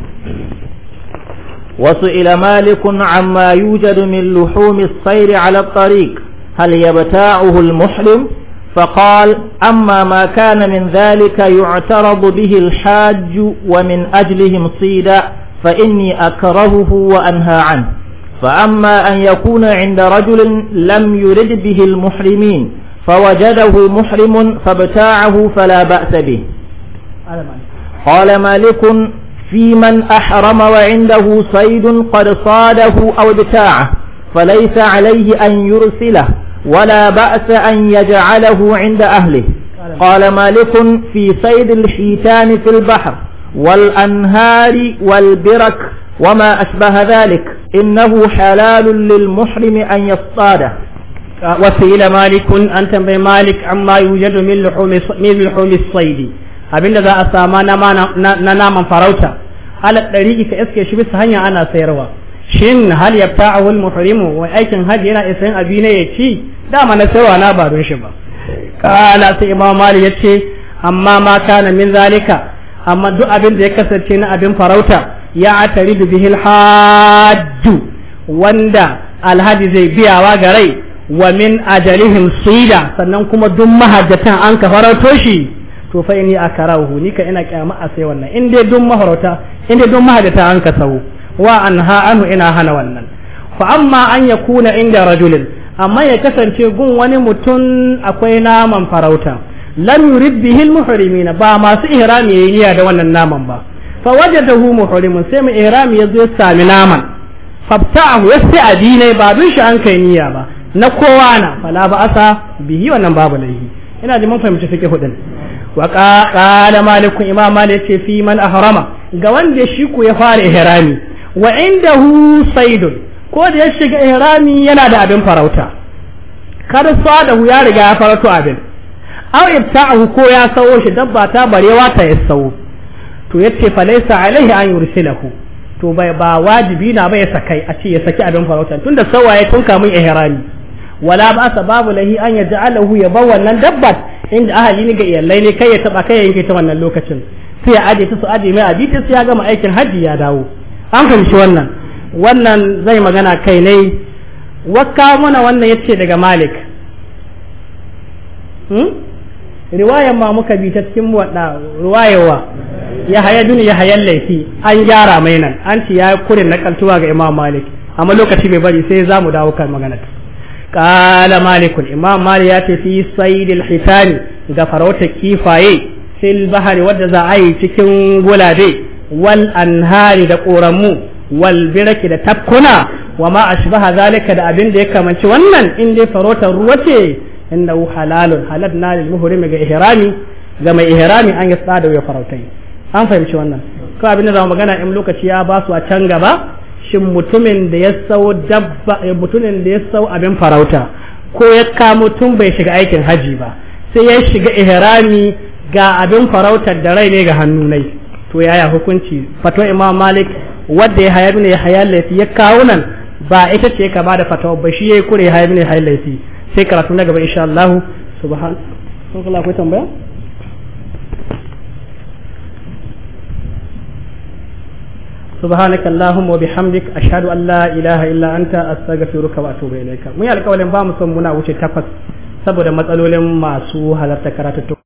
wasu ila malikun amma yujadu min luhumi sayri ala tariq هل يبتاعه المحرم فقال أما ما كان من ذلك يعترض به الحاج ومن أجلهم صيدا فإني أكرهه وأنهى عنه فأما أن يكون عند رجل لم يرد به المحرمين فوجده محرم فابتاعه فلا بأس به قال مالك في من أحرم وعنده صيد قد صاده أو ابتاعه فليس عليه أن يرسله ولا بأس أن يجعله عند أهله قال مالك في صيد الحيتان في البحر والأنهار والبرك وما أشبه ذلك إنه حلال للمحرم أن يصطاده وسئل مالك أن تنبي مالك عما يوجد من لحوم من لحوم الصيد abinda ذا أسامانا ما na فروتا farauta ala في إسكي شبس هنيا أنا سيروا shin hal yabta'u al-muhrimu wa aikin haji yana isan abi ne ya ci dama na sayawa na ba don shi ba kala sai imam mali yace amma ma kana min zalika amma duk abin da ya kasance na abin farauta ya tari bihi al-hajj wanda alhaji zai biyawa ga rai wa min ajalihim sida sannan kuma duk mahajjatan an ka farauto shi to fa inni akarahu nika ina kyama a sai wannan in dai duk in dai duk mahajjata an ka sau wa ha anu ina hana wannan fa amma an yakuna inda rajulin amma ya kasance gun wani mutum akwai naman farauta lam yurid bihi almuhrimin ba masu ihrami yayi niyya da wannan naman ba fa wajadahu muhrimun sai mu ihrami yazo ya sami naman fabta'ahu yasti adine ba dun shi an kai niyya ba na kowa na fala ba asa bihi wannan babu laifi. ina ji mun fahimci fiqh hudin wa qala malikun imam malik ce fi man ahrama ga wanda shi ku ya fara ihrami wa hu saidun ko da ya shiga ihrami yana da abin farauta kada sadahu ya riga ya farauto abin aw ibta'ahu ko ya sawo shi dabba ta barewa ta ya sawo to yace fa laysa alaihi an yursilahu to bai ba wajibi na bai sakai a ce ya saki abin farauta tunda sawaye tun kamun ihrami wala ba sa babu lahi an ya ja'alahu ya bar wannan dabbat inda ahali ne ga iyalai ne kai ya taba kai ya yanke ta wannan lokacin sai ya aje ta su aje mai abita sai ya gama aikin hajji ya dawo an fahimci wannan wannan zai magana kai ne wakka muna wannan yace daga malik hmm? riwayar ma muka bi ta cikin wadda riwayawa ya haya duni ya hayan laifi an gyara mai nan an ci ya kurin na kaltuwa ga imam malik amma lokaci bai bari sai zamu dawo kan magana qala malik imam malik ya ce fi saydil hitani ga farauta kifaye fil bahari wadda za a cikin gulabe wal anhari da ƙoramu wal biraki da tafkuna wa ma zalika da abin da ya kamanci wannan in farautar ruwa ce inda halalun halal na lil muhrimi ga mai ihrami an ya tsada farautai an fahimci wannan ko abin da za magana in lokaci ya basu a can gaba shin eh, mutumin da ya sau abin farauta ko ya kamo tun bai shiga aikin haji ba sai ya shiga ihrami ga abin farautar da rai ne ga hannunai to yaya hukunci fatwa imam malik wadda ya haya bin ya haya laifi ya kawo nan ba ita ce ka bada fatawa ba shi yayi kure ya haya bin ya haya laifi sai karatu na gaba insha Allah subhan sun kula akwai tambaya سبحانك اللهم وبحمدك أشهد أن لا إله إلا أنت أستغفرك وأتوب إليك من يلقى alƙawalin ba mu son muna wuce takwas saboda matsalolin masu halarta